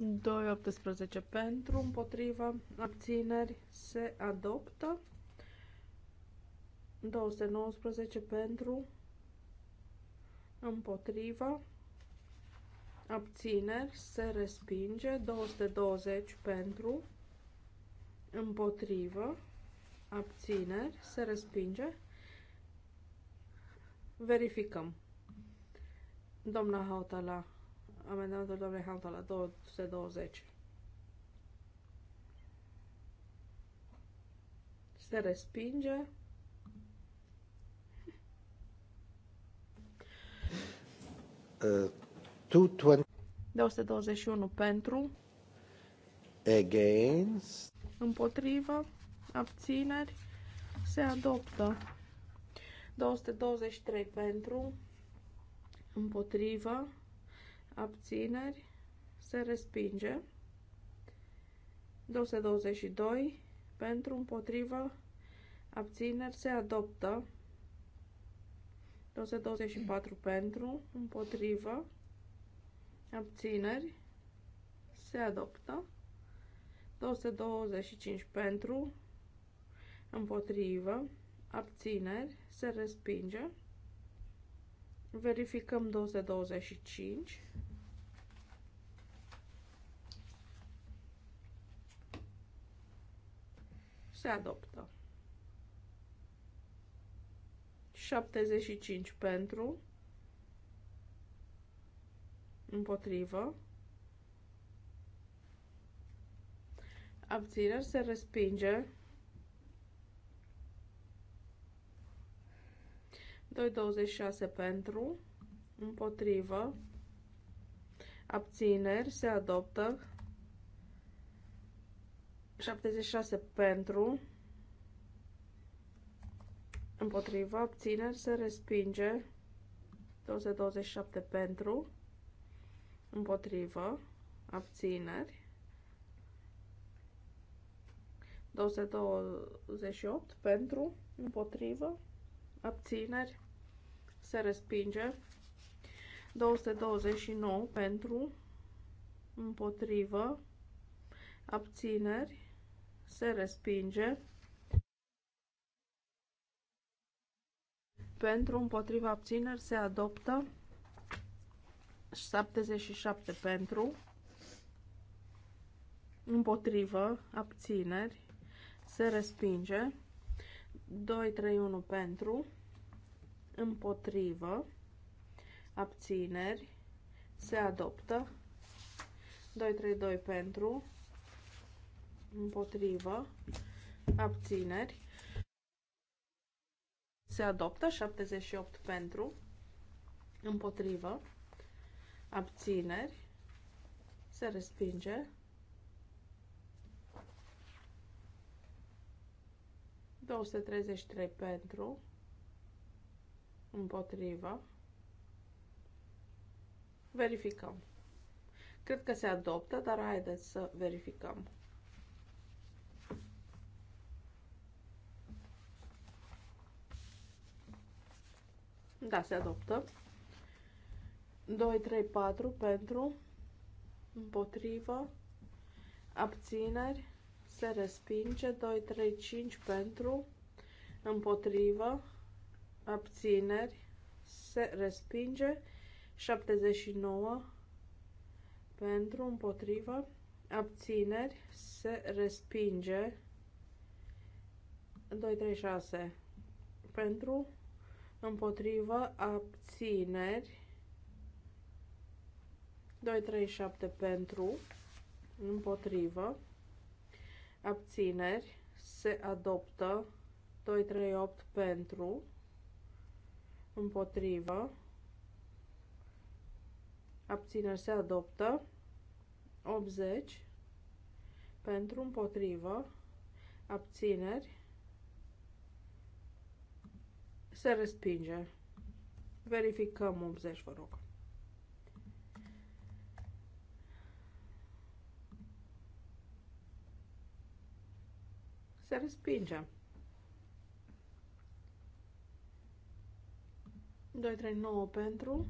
2.18 pentru, împotriva, abțineri, se adoptă. 219 pentru, împotriva, abțineri, se respinge. 220 pentru, împotriva abțineri, se respinge. Verificăm. Doamna Hautala amendamentul doamnei Hanta la 220. Se respinge. Uh, 220. 221 pentru. Against. Împotrivă. Abțineri. Se adoptă. 223 pentru. Împotrivă abțineri, se respinge. 222 pentru, împotrivă, abțineri, se adoptă. 224 pentru, împotrivă, abțineri, se adoptă. 225 pentru, împotrivă, abțineri, se respinge. Verificăm 225. se adoptă. 75 pentru, împotrivă, abțineri se respinge, 226 pentru, împotrivă, abțineri se adoptă, 76 pentru, împotriva, abțineri, se respinge, 227 pentru, Împotriva, abțineri, 228 pentru, Împotriva, abțineri, se respinge, 229 pentru, Împotriva, abțineri, se respinge pentru, împotriva abțineri se adoptă 77 pentru, împotrivă abțineri se respinge 2, 3, 1 pentru, împotrivă abțineri se adoptă 2, 3, 2 pentru, împotrivă, abțineri, se adoptă 78 pentru, împotrivă, abțineri, se respinge. treizeci trei pentru, împotrivă, verificăm. Cred că se adoptă, dar haideți să verificăm. Da, se adoptă. 2, 3, 4 pentru, împotrivă, abțineri, se respinge. 2, 3, 5 pentru, împotrivă, abțineri, se respinge. 79 pentru, împotrivă, abțineri, se respinge. 2, 3, 6 pentru, împotrivă, abțineri, 7 pentru, împotrivă, abțineri, se adoptă, 8 pentru, împotrivă, abțineri, se adoptă, 80 pentru, împotrivă, abțineri, se respinge. Verificăm 80, vă rog. Se respinge. 2, 3, 9 pentru,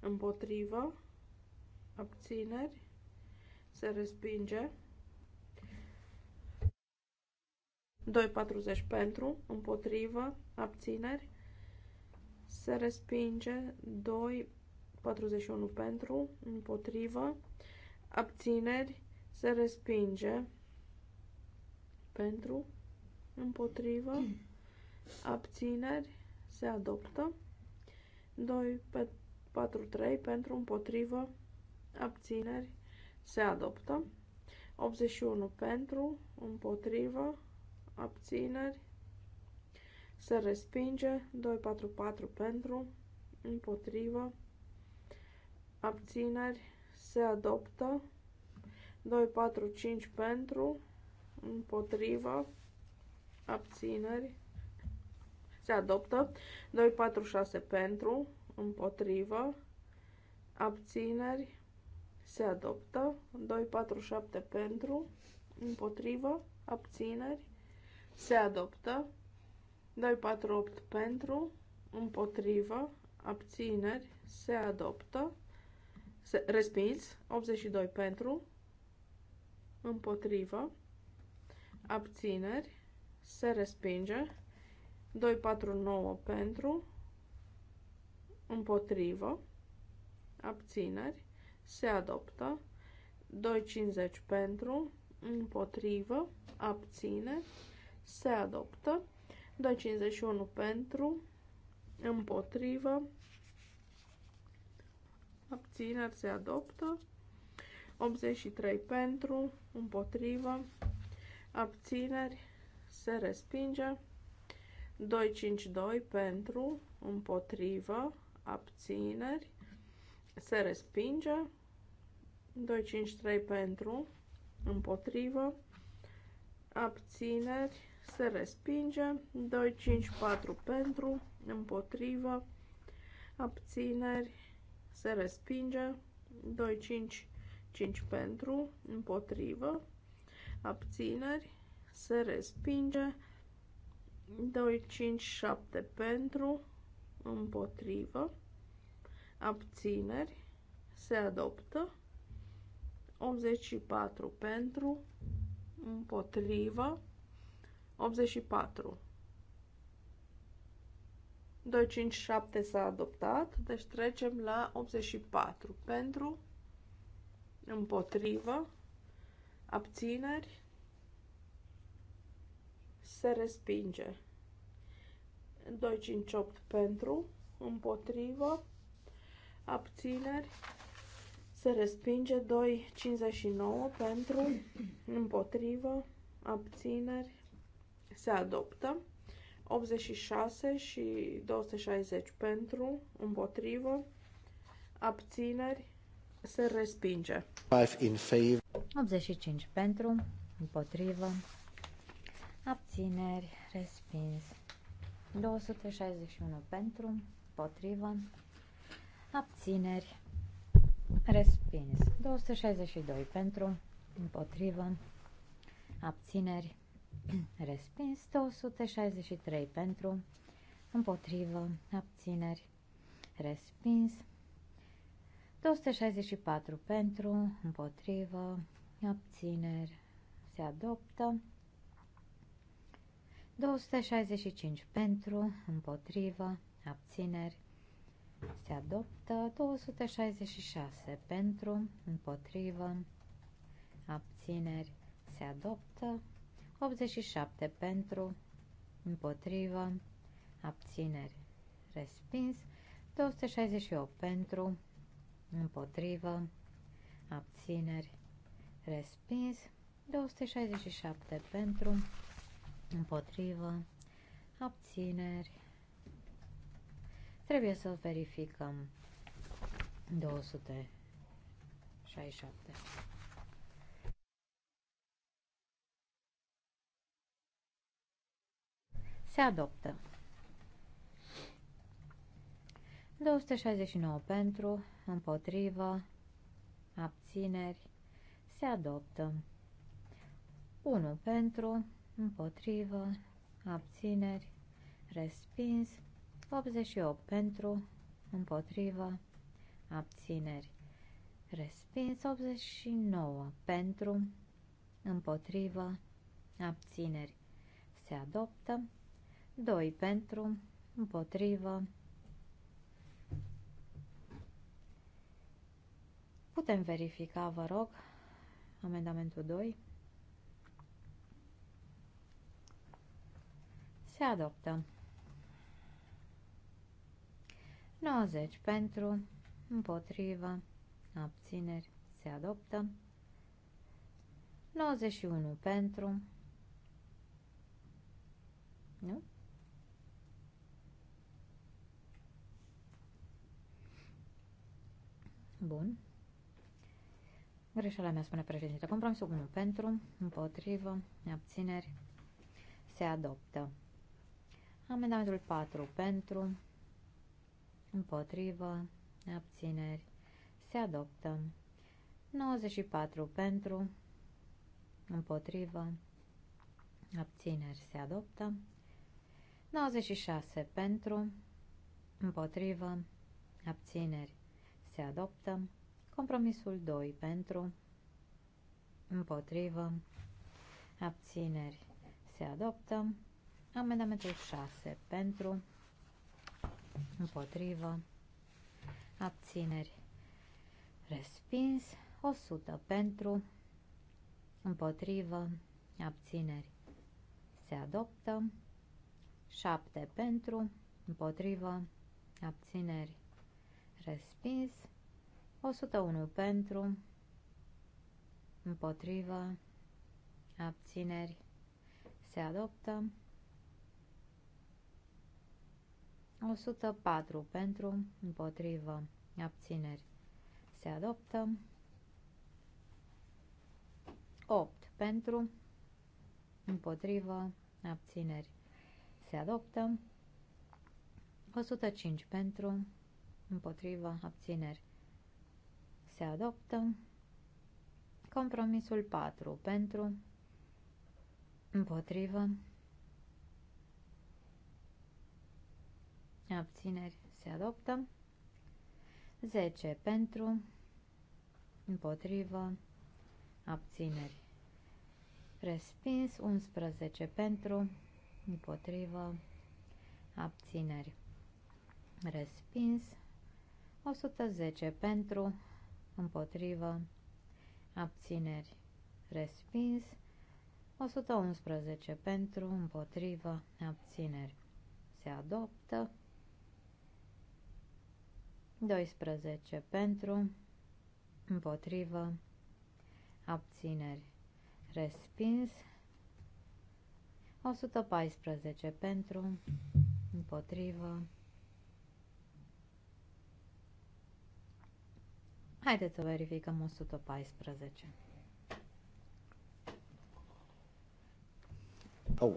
împotrivă, abțineri, se respinge. 2.40 pentru, împotrivă, abțineri, se respinge 2.41 pentru, împotrivă, abțineri, se respinge pentru, împotrivă, abțineri, se adoptă 2.43 pentru, împotrivă, abțineri, se adoptă 81 pentru, împotrivă, abțineri, se respinge, 244 pentru, împotrivă, abțineri, se adoptă, 245 pentru, împotrivă, abțineri, se adoptă, 246 pentru, împotrivă, abțineri, se adoptă, 247 pentru, împotrivă, abțineri, se adoptă. 248 pentru, împotrivă, abțineri, se adoptă. Se, respins, 82 pentru, împotrivă, abțineri, se respinge. 249 pentru, împotrivă, abțineri, se adoptă. 250 pentru, împotrivă, abțineri, se adoptă. 51 pentru, împotrivă, abțineri se adoptă. 83 pentru, împotrivă, abțineri se respinge. 252 pentru, împotrivă, abțineri, se respinge, 253 pentru, împotrivă, abțineri, se respinge, 4 pentru, împotrivă, abțineri, se respinge, 5 pentru, împotrivă, abțineri, se respinge, 7 pentru, împotrivă, abțineri, se adoptă, 84 pentru, împotrivă, 84. 257 s-a adoptat, deci trecem la 84. Pentru, împotrivă, abțineri, se respinge. 258 pentru, împotrivă, abțineri, se respinge. 259 pentru, împotrivă, abțineri, se adoptă. 86 și 260 pentru, împotrivă, abțineri, se respinge. 85 pentru, împotrivă, abțineri, respins. 261 pentru, împotrivă, abțineri, respins. 262 pentru, împotrivă, abțineri, respins, 263 pentru, împotrivă, abțineri, respins, 264 pentru, împotrivă, abțineri, se adoptă, 265 pentru, împotrivă, abțineri, se adoptă 266 pentru, împotrivă, abțineri, se adoptă 87 pentru, împotrivă, abțineri, respins. 268 pentru, împotrivă, abțineri, respins. 267 pentru, împotrivă, abțineri. Trebuie să verificăm 267. se adoptă. 269 pentru, împotrivă, abțineri, se adoptă. 1 pentru, împotrivă, abțineri, respins. 88 pentru, împotrivă, abțineri, respins. 89 pentru, împotrivă, abțineri, se adoptă. 2 pentru, împotrivă. Putem verifica, vă rog, amendamentul 2. Se adoptă. 90 pentru, împotrivă, abțineri, se adoptă. 91 pentru, nu? Bun. Greșeala mea, spune președinte. Compromisul 1 pentru, împotrivă, abțineri, se adoptă. Amendamentul 4 pentru, împotrivă, abțineri, se adoptă. 94 pentru, împotrivă, abțineri, se adoptă. 96 pentru, împotrivă, abțineri, se adoptă. Compromisul 2 pentru, împotrivă, abțineri se adoptă. Amendamentul 6 pentru, împotrivă, abțineri respins. 100 pentru, împotrivă, abțineri se adoptă. 7 pentru, împotrivă, abțineri respins, 101 pentru, împotrivă, abțineri, se adoptă, 104 pentru, împotrivă, abțineri, se adoptă, 8 pentru, împotrivă, abțineri, se adoptă, 105 pentru, împotriva abțineri se adoptă. Compromisul 4 pentru împotriva abțineri se adoptă. 10 pentru împotriva abțineri respins 11 pentru împotriva abțineri respins 110 pentru, împotrivă, abțineri, respins. 111 pentru, împotrivă, abțineri, se adoptă. 12 pentru, împotrivă, abțineri, respins. 114 pentru, împotrivă, Haideți să verificăm 114. Oh.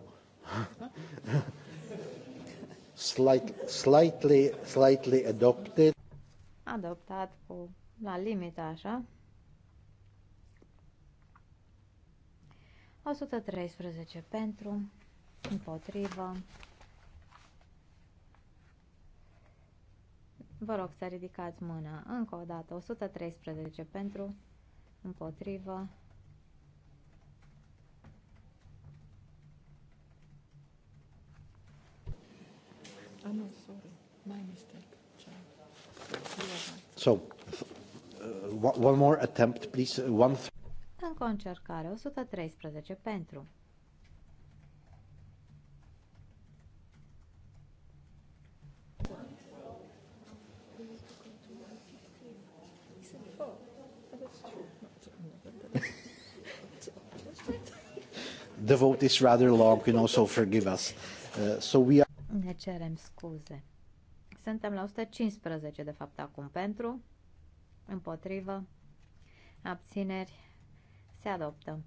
slightly, slightly, slightly adopted. Adoptat cu la limită așa. 113 pentru, împotrivă, Vă rog să ridicați mâna. Încă o dată, 113 pentru, împotrivă. Ah, sorry. My mistake. So, uh, one more attempt, please. Uh, one... Încă o încercare, 113 pentru, the vote is rather long, you know, so forgive us. Uh, so we are... Ne cerem scuze. Suntem la 115, de fapt, acum pentru, împotrivă, abțineri, se adoptă.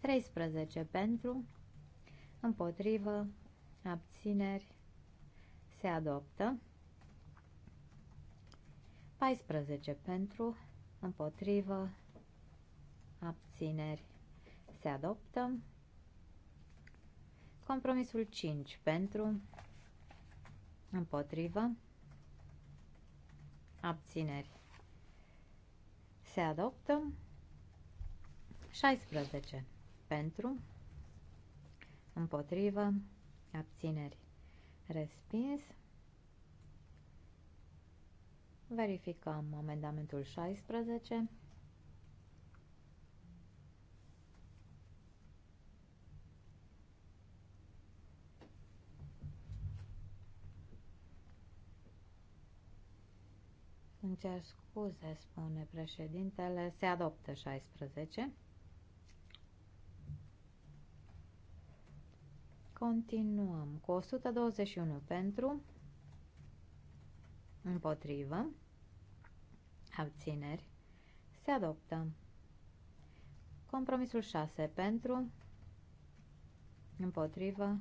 13 pentru, împotrivă, abțineri, se adoptă. 14 pentru, împotrivă, abțineri, se adoptă. Compromisul 5 pentru, împotrivă, abțineri se adoptă. 16 pentru, împotrivă, abțineri respins. Verificăm amendamentul 16. Îmi cer scuze, spune președintele. Se adoptă 16. Continuăm cu 121 pentru, împotrivă, abțineri, se adoptă. Compromisul 6 pentru, împotrivă,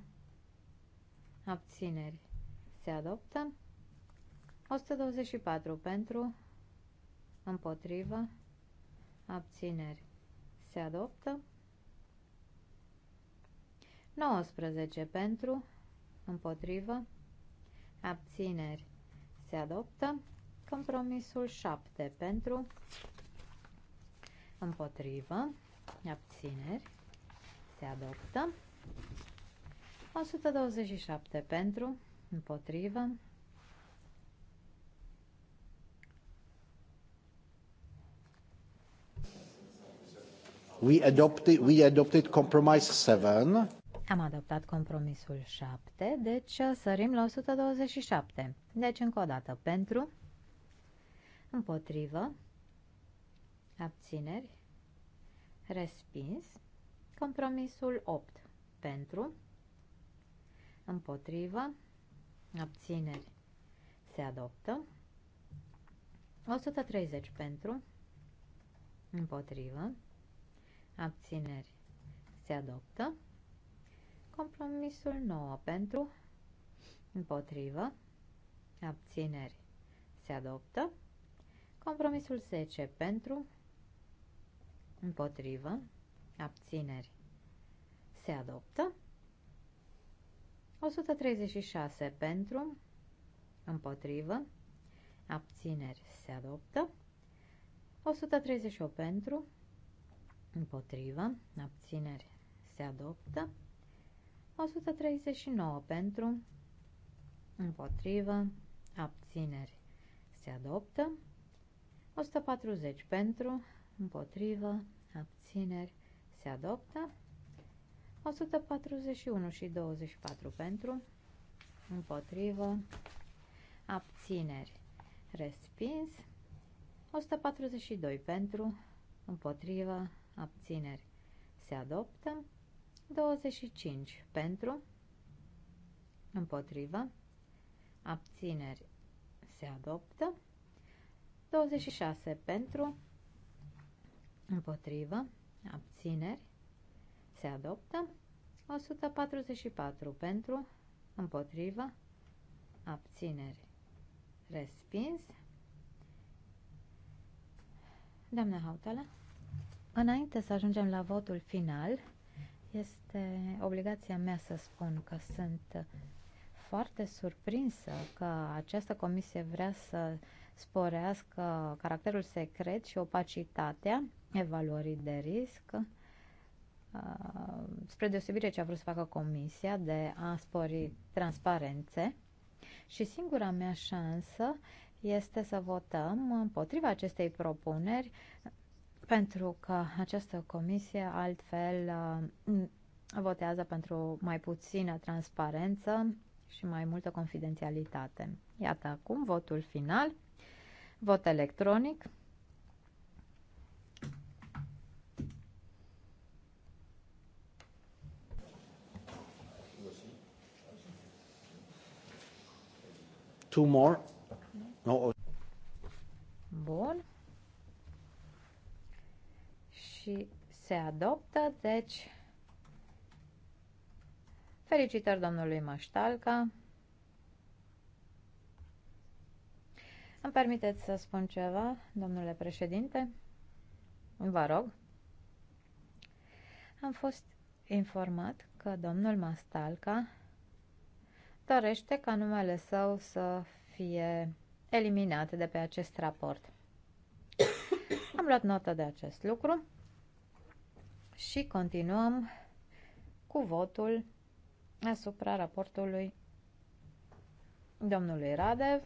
abțineri, se adoptă. 124 pentru, împotrivă, abțineri se adoptă. 19 pentru, împotrivă, abțineri se adoptă. Compromisul 7 pentru, împotrivă, abțineri se adoptă. 127 pentru, împotrivă, We adopted, compromise 7. Am adoptat compromisul 7, deci uh, sărim la 127. Deci încă o dată pentru, împotrivă, abțineri, respins, compromisul 8 pentru, împotrivă, abțineri, se adoptă, 130 pentru, împotrivă, abțineri se adoptă. Compromisul 9 pentru, împotrivă, abțineri se adoptă. Compromisul 10 pentru, împotrivă, abțineri se adoptă. 136 pentru, împotrivă, abțineri se adoptă. 138 pentru, împotrivă, abțineri se adoptă, 139 pentru, împotrivă, abțineri se adoptă, 140 pentru, împotrivă, abțineri se adoptă, 141 și 24 pentru, împotrivă, abțineri respins, 142 pentru, împotrivă, abțineri se adoptă. 25 pentru, împotrivă, abțineri se adoptă. 26 pentru, împotrivă, abțineri se adoptă. 144 pentru, împotrivă, abțineri respins. Doamna Hautala. Înainte să ajungem la votul final, este obligația mea să spun că sunt foarte surprinsă că această comisie vrea să sporească caracterul secret și opacitatea evaluării de risc, uh, spre deosebire ce a vrut să facă comisia de a spori transparențe. Și singura mea șansă este să votăm împotriva acestei propuneri pentru că această comisie altfel uh, votează pentru mai puțină transparență și mai multă confidențialitate. Iată acum votul final, vot electronic. Two more. No. Bun și se adoptă, deci felicitări domnului Maștalca. Îmi permiteți să spun ceva, domnule președinte? Vă rog. Am fost informat că domnul Mastalca dorește ca numele său să fie eliminat de pe acest raport. Am luat notă de acest lucru și continuăm cu votul asupra raportului domnului Radev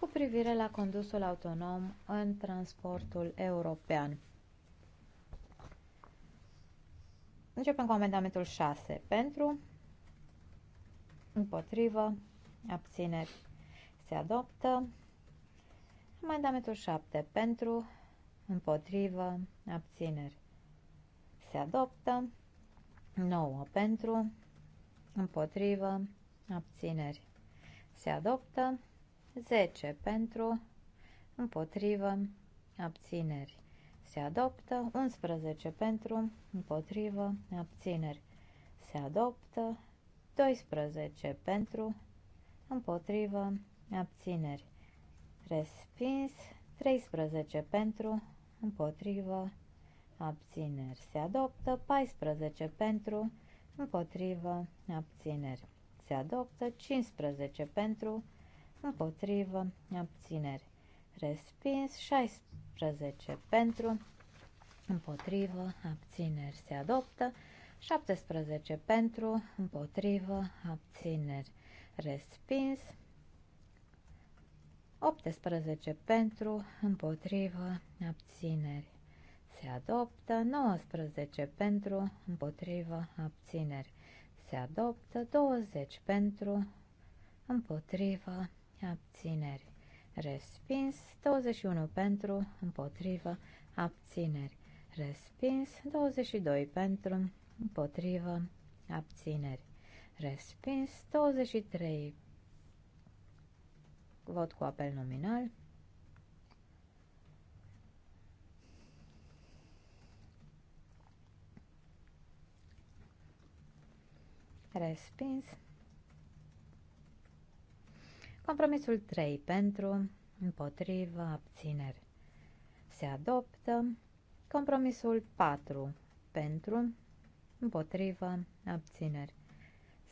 cu privire la condusul autonom în transportul european. Începem cu amendamentul 6. Pentru, împotrivă, abțineri se adoptă. Amendamentul 7. Pentru, împotrivă, abțineri. Se adoptă 9 pentru, împotrivă, abțineri. Se adoptă 10 pentru, împotrivă, abțineri. Se adoptă 11 pentru, împotrivă, abțineri. Se adoptă 12 pentru, împotrivă, abțineri. Respins 13 pentru, împotrivă, abțineri se adoptă, 14 pentru, împotrivă, abțineri se adoptă, 15 pentru, împotrivă, abțineri respins, 16 pentru, împotrivă, abțineri se adoptă, 17 pentru, împotrivă, abțineri respins, 18 pentru, împotrivă, abțineri. Se adoptă 19 pentru, împotrivă, abțineri. Se adoptă 20 pentru, împotrivă, abțineri. Respins 21 pentru, împotrivă, abțineri. Respins 22 pentru, împotrivă, abțineri. Respins 23 Vot cu apel nominal. Respins. Compromisul 3 pentru, împotrivă, abțineri. Se adoptă. Compromisul 4 pentru, împotrivă, abțineri.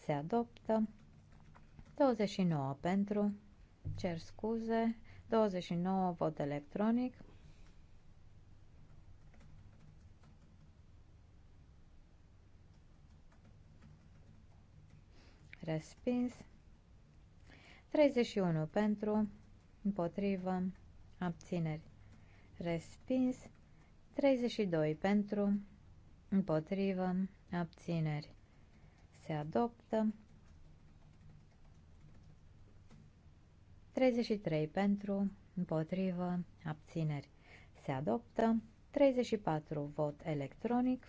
Se adoptă. 29 pentru, cer scuze, 29 vot electronic. Respins. 31 pentru, împotrivă, abțineri. Respins. 32 pentru, împotrivă, abțineri. Se adoptă. 33 pentru, împotrivă, abțineri se adoptă. 34 vot electronic.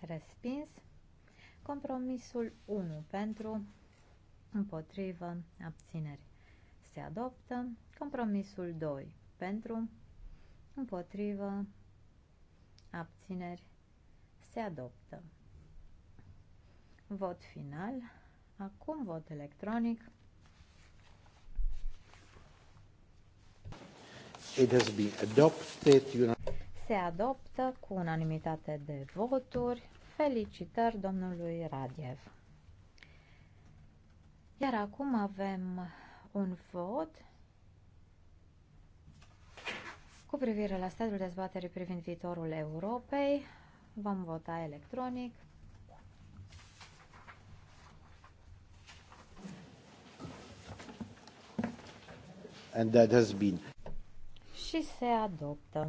Respins. Compromisul 1 pentru, împotrivă, abțineri se adoptă. Compromisul 2 pentru, împotrivă, abțineri, se adoptă. Vot final. Acum vot electronic. It has been adopted. Se adoptă cu unanimitate de voturi. Felicitări domnului Radiev. Iar acum avem un vot Cu privire la stadiul dezbaterii privind viitorul Europei, vom vota electronic. And that has been. Și se adoptă.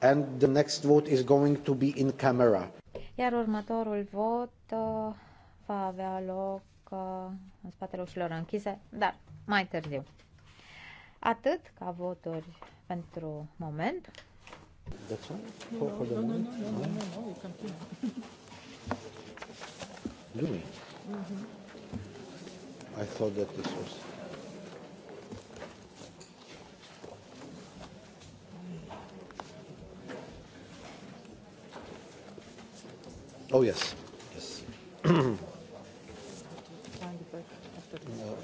And the next vote is going to be in camera. Iar următorul vot uh, va avea loc uh, în spatele ușilor închise, dar mai târziu. Atât ca voturi pentru moment. That's all? For, for the no, moment? No, no, I thought that this was... Oh, yes. Yes. uh,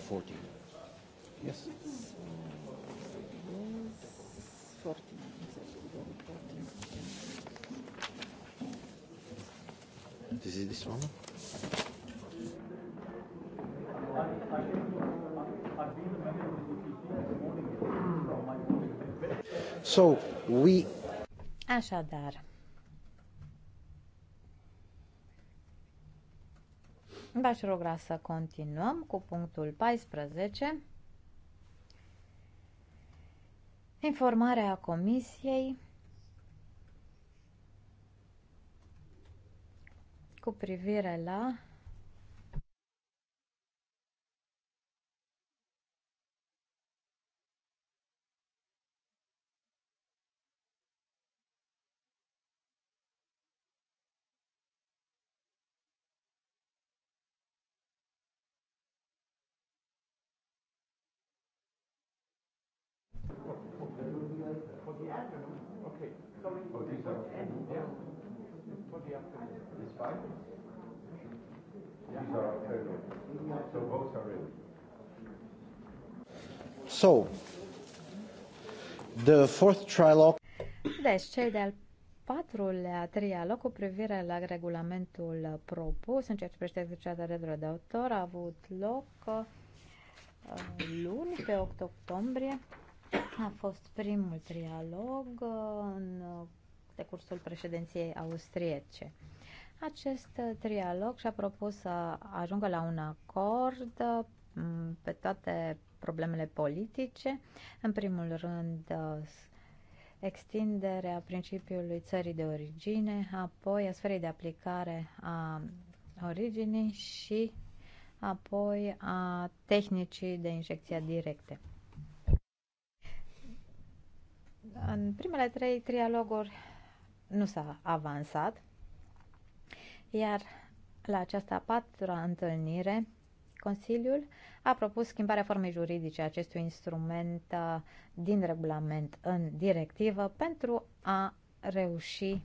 14. Yes. This is this one. So, we... Așadar, v-aș ruga să continuăm cu punctul 14. Informarea Comisiei cu privire la These are uh, So are ready. So, the fourth trilogue. Deci, cel de-al patrulea trialog cu privire la regulamentul propus în ceea ce privește exercitarea drepturilor de autor a avut loc uh, luni, pe 8 octombrie. A fost primul trialog uh, în decursul președinției austriece. Acest uh, trialog și-a propus să ajungă la un acord uh, pe toate problemele politice. În primul rând, uh, extinderea principiului țării de origine, apoi a sferei de aplicare a originii și apoi a tehnicii de injecție directe. În primele trei trialoguri nu s-a avansat, iar la această a patra întâlnire, Consiliul a propus schimbarea formei juridice a acestui instrument uh, din regulament în directivă pentru a reuși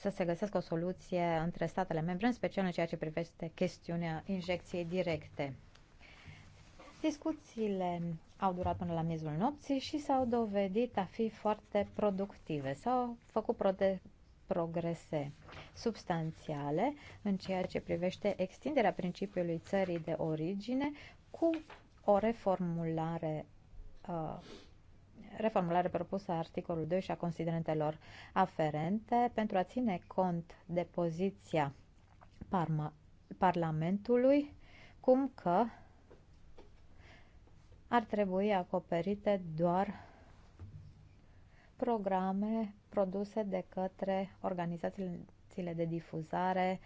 să se găsească o soluție între statele membre, în special în ceea ce privește chestiunea injecției directe. Discuțiile au durat până la miezul nopții și s-au dovedit a fi foarte productive. S-au făcut progrese substanțiale în ceea ce privește extinderea principiului țării de origine cu o reformulare uh, reformulare propusă a articolului 2 și a considerentelor aferente pentru a ține cont de poziția Parma, Parlamentului, cum că ar trebui acoperite doar programe produse de către organizațiile acțiile de difuzare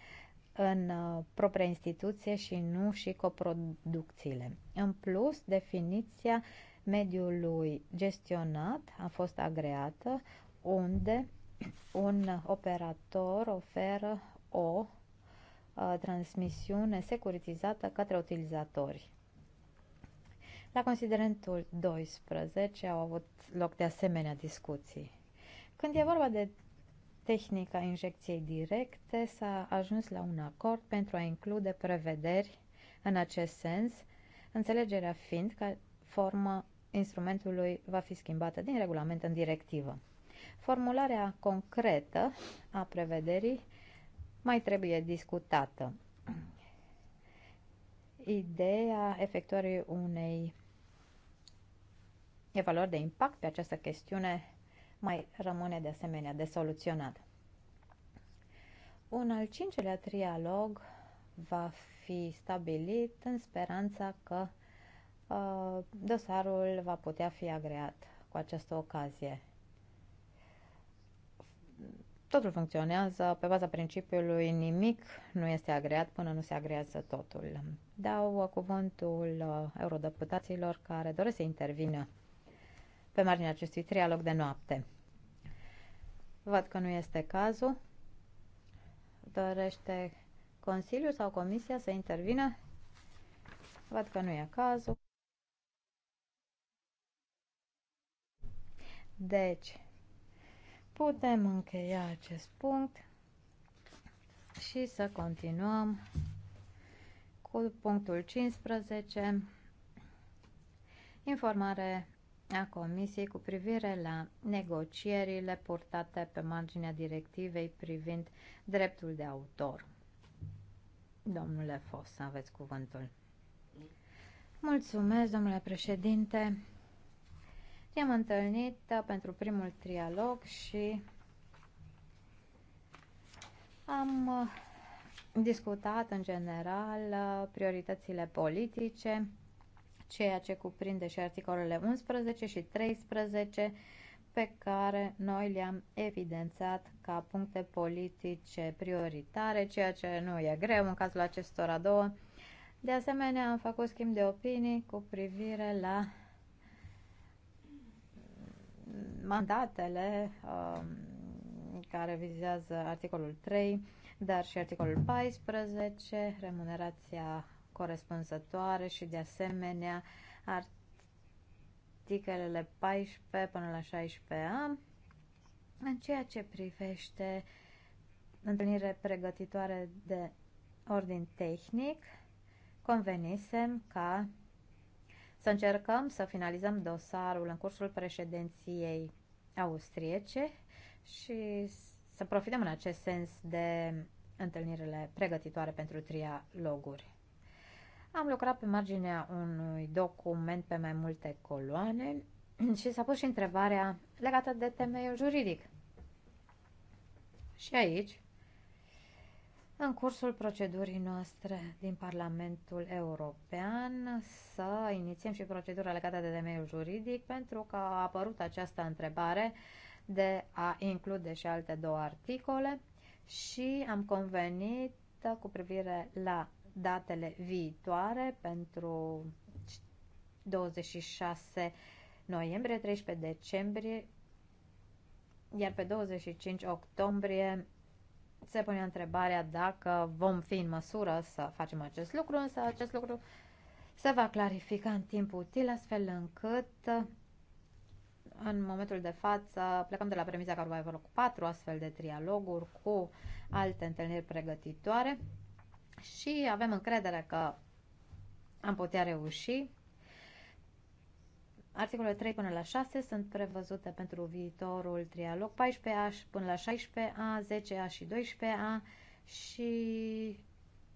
în uh, propria instituție și nu și coproducțiile. În plus, definiția mediului gestionat a fost agreată unde un operator oferă o a, uh, transmisiune securitizată către utilizatori. La considerentul 12 au avut loc de asemenea discuții. Când e vorba de tehnica injecției directe s-a ajuns la un acord pentru a include prevederi în acest sens, înțelegerea fiind că forma instrumentului va fi schimbată din regulament în directivă. Formularea concretă a prevederii mai trebuie discutată. Ideea efectuării unei evaluări de impact pe această chestiune mai rămâne de asemenea de soluționat. Un al cincilea trialog va fi stabilit în speranța că uh, dosarul va putea fi agreat cu această ocazie. Totul funcționează pe baza principiului nimic nu este agreat până nu se agrează totul. Dau uh, cuvântul uh, eurodeputaților care doresc să intervină pe marginea acestui trialog de noapte. Văd că nu este cazul. Dorește Consiliul sau Comisia să intervină? Văd că nu e cazul. Deci, putem încheia acest punct și să continuăm cu punctul 15, informare a Comisiei cu privire la negocierile purtate pe marginea directivei privind dreptul de autor. Domnule Fos, aveți cuvântul. Mulțumesc, domnule președinte. Ne-am întâlnit pentru primul trialog și am uh, discutat în general uh, prioritățile politice ceea ce cuprinde și articolele 11 și 13 pe care noi le-am evidențiat ca puncte politice prioritare, ceea ce nu e greu în cazul acestora două. De asemenea, am făcut schimb de opinii cu privire la mandatele uh, care vizează articolul 3, dar și articolul 14, remunerația corespunzătoare și de asemenea articolele 14 până la 16a în ceea ce privește întâlnire pregătitoare de ordin tehnic, convenisem ca să încercăm să finalizăm dosarul în cursul președinției austriece și să profităm în acest sens de întâlnirile pregătitoare pentru trialoguri. Am lucrat pe marginea unui document pe mai multe coloane și s-a pus și întrebarea legată de temeiul juridic. Și aici, în cursul procedurii noastre din Parlamentul European, să inițiem și procedura legată de temeiul juridic, pentru că a apărut această întrebare de a include și alte două articole și am convenit cu privire la datele viitoare pentru 26 noiembrie, 13 decembrie, iar pe 25 octombrie se pune întrebarea dacă vom fi în măsură să facem acest lucru, însă acest lucru se va clarifica în timp util, astfel încât în momentul de față plecăm de la premisa că ar avea loc patru astfel de trialoguri cu alte întâlniri pregătitoare și avem încredere că am putea reuși. Articolele 3 până la 6 sunt prevăzute pentru viitorul trialog 14A până la 16A, 10A și 12A și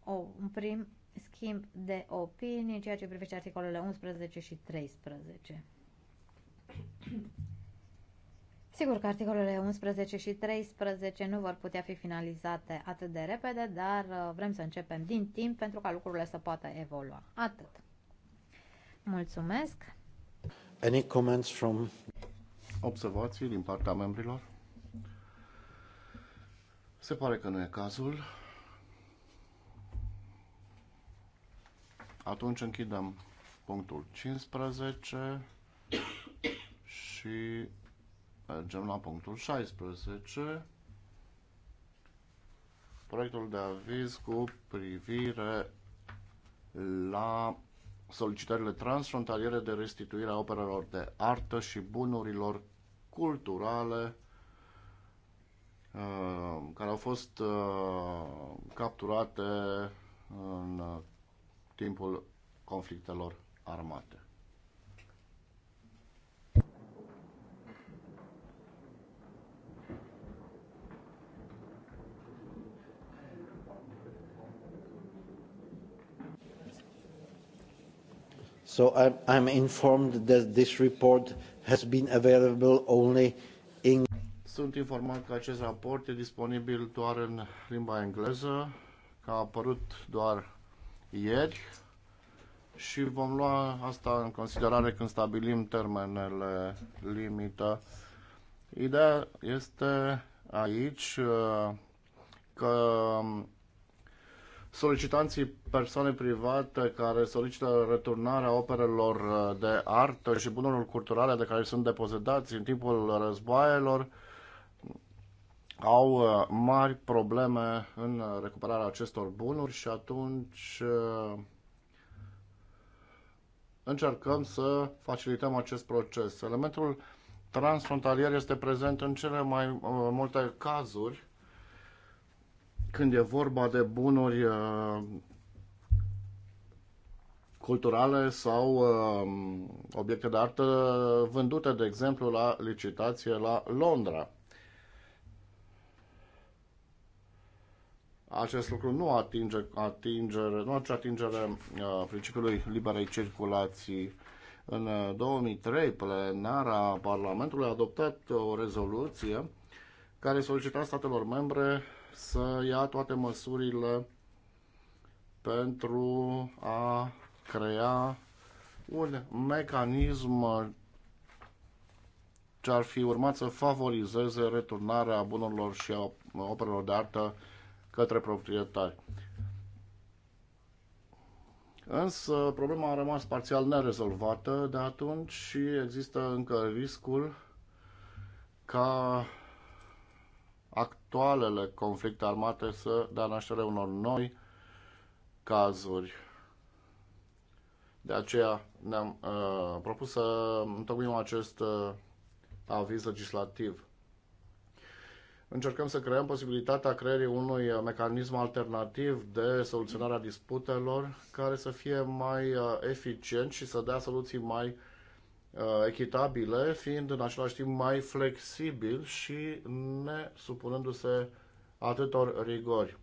o, un prim schimb de opinii în ceea ce privește articolele 11 și 13. Sigur că articolele 11 și 13 nu vor putea fi finalizate atât de repede, dar uh, vrem să începem din timp pentru ca lucrurile să poată evolua. Atât. Mulțumesc. Any comments from... Observații din partea membrilor? Se pare că nu e cazul. Atunci închidem punctul 15 și Mergem la punctul 16. Proiectul de aviz cu privire la solicitările transfrontaliere de restituire a operelor de artă și bunurilor culturale uh, care au fost uh, capturate în timpul conflictelor armate. So I'm, informed that this report has been available only in... Sunt informat că acest raport e disponibil doar în limba engleză, că a apărut doar ieri și vom lua asta în considerare când stabilim termenele limită. Ideea este aici uh, că um, solicitanții persoane private care solicită returnarea operelor uh, de artă și bunurilor culturale de care sunt depozitați în timpul războaielor au uh, mari probleme în recuperarea acestor bunuri și atunci uh, încercăm să facilităm acest proces. Elementul transfrontalier este prezent în cele mai multe cazuri când e vorba de bunuri uh, culturale sau uh, obiecte de artă vândute, de exemplu, la licitație la Londra. acest lucru nu atinge, atingere, nu atinge atingere uh, principiului liberei circulații. În 2003, plenara Parlamentului a adoptat o rezoluție care solicita statelor membre să ia toate măsurile pentru a crea un mecanism ce ar fi urmat să favorizeze returnarea bunurilor și a operelor de artă către proprietari. Însă problema a rămas parțial nerezolvată de atunci și există încă riscul ca actualele conflicte armate să dea naștere unor noi cazuri. De aceea ne-am uh, propus să întocmim acest uh, aviz legislativ. Încercăm să creăm posibilitatea creării unui mecanism alternativ de soluționare a disputelor care să fie mai uh, eficient și să dea soluții mai uh, Uh, echitabile, fiind în același timp mai flexibil și ne supunându-se atâtor rigori.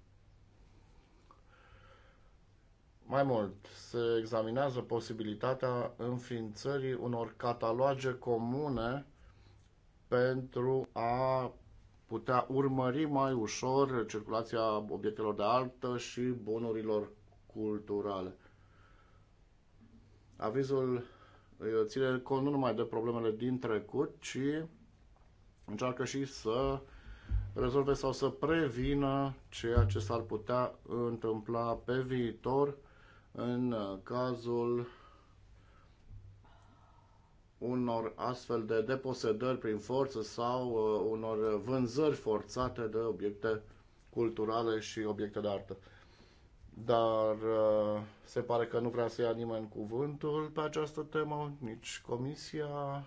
Mai mult, se examinează posibilitatea înființării unor cataloge comune pentru a putea urmări mai ușor circulația obiectelor de artă și bunurilor culturale. Avizul ține cont nu numai de problemele din trecut, ci încearcă și să rezolve sau să prevină ceea ce s-ar putea întâmpla pe viitor în cazul unor astfel de deposedări prin forță sau uh, unor vânzări forțate de obiecte culturale și obiecte de artă dar uh, se pare că nu vrea să ia nimeni cuvântul pe această temă, nici comisia.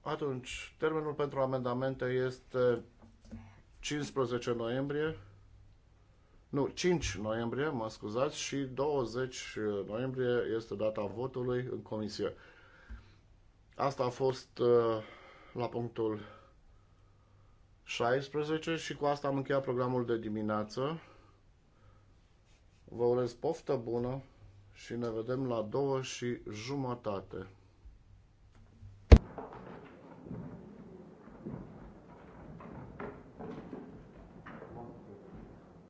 Atunci, termenul pentru amendamente este 15 noiembrie, nu, 5 noiembrie, mă scuzați, și 20 noiembrie este data votului în comisie. Asta a fost uh, la punctul 16 și cu asta am încheiat programul de dimineață. Vă urez poftă bună și ne vedem la două și jumătate.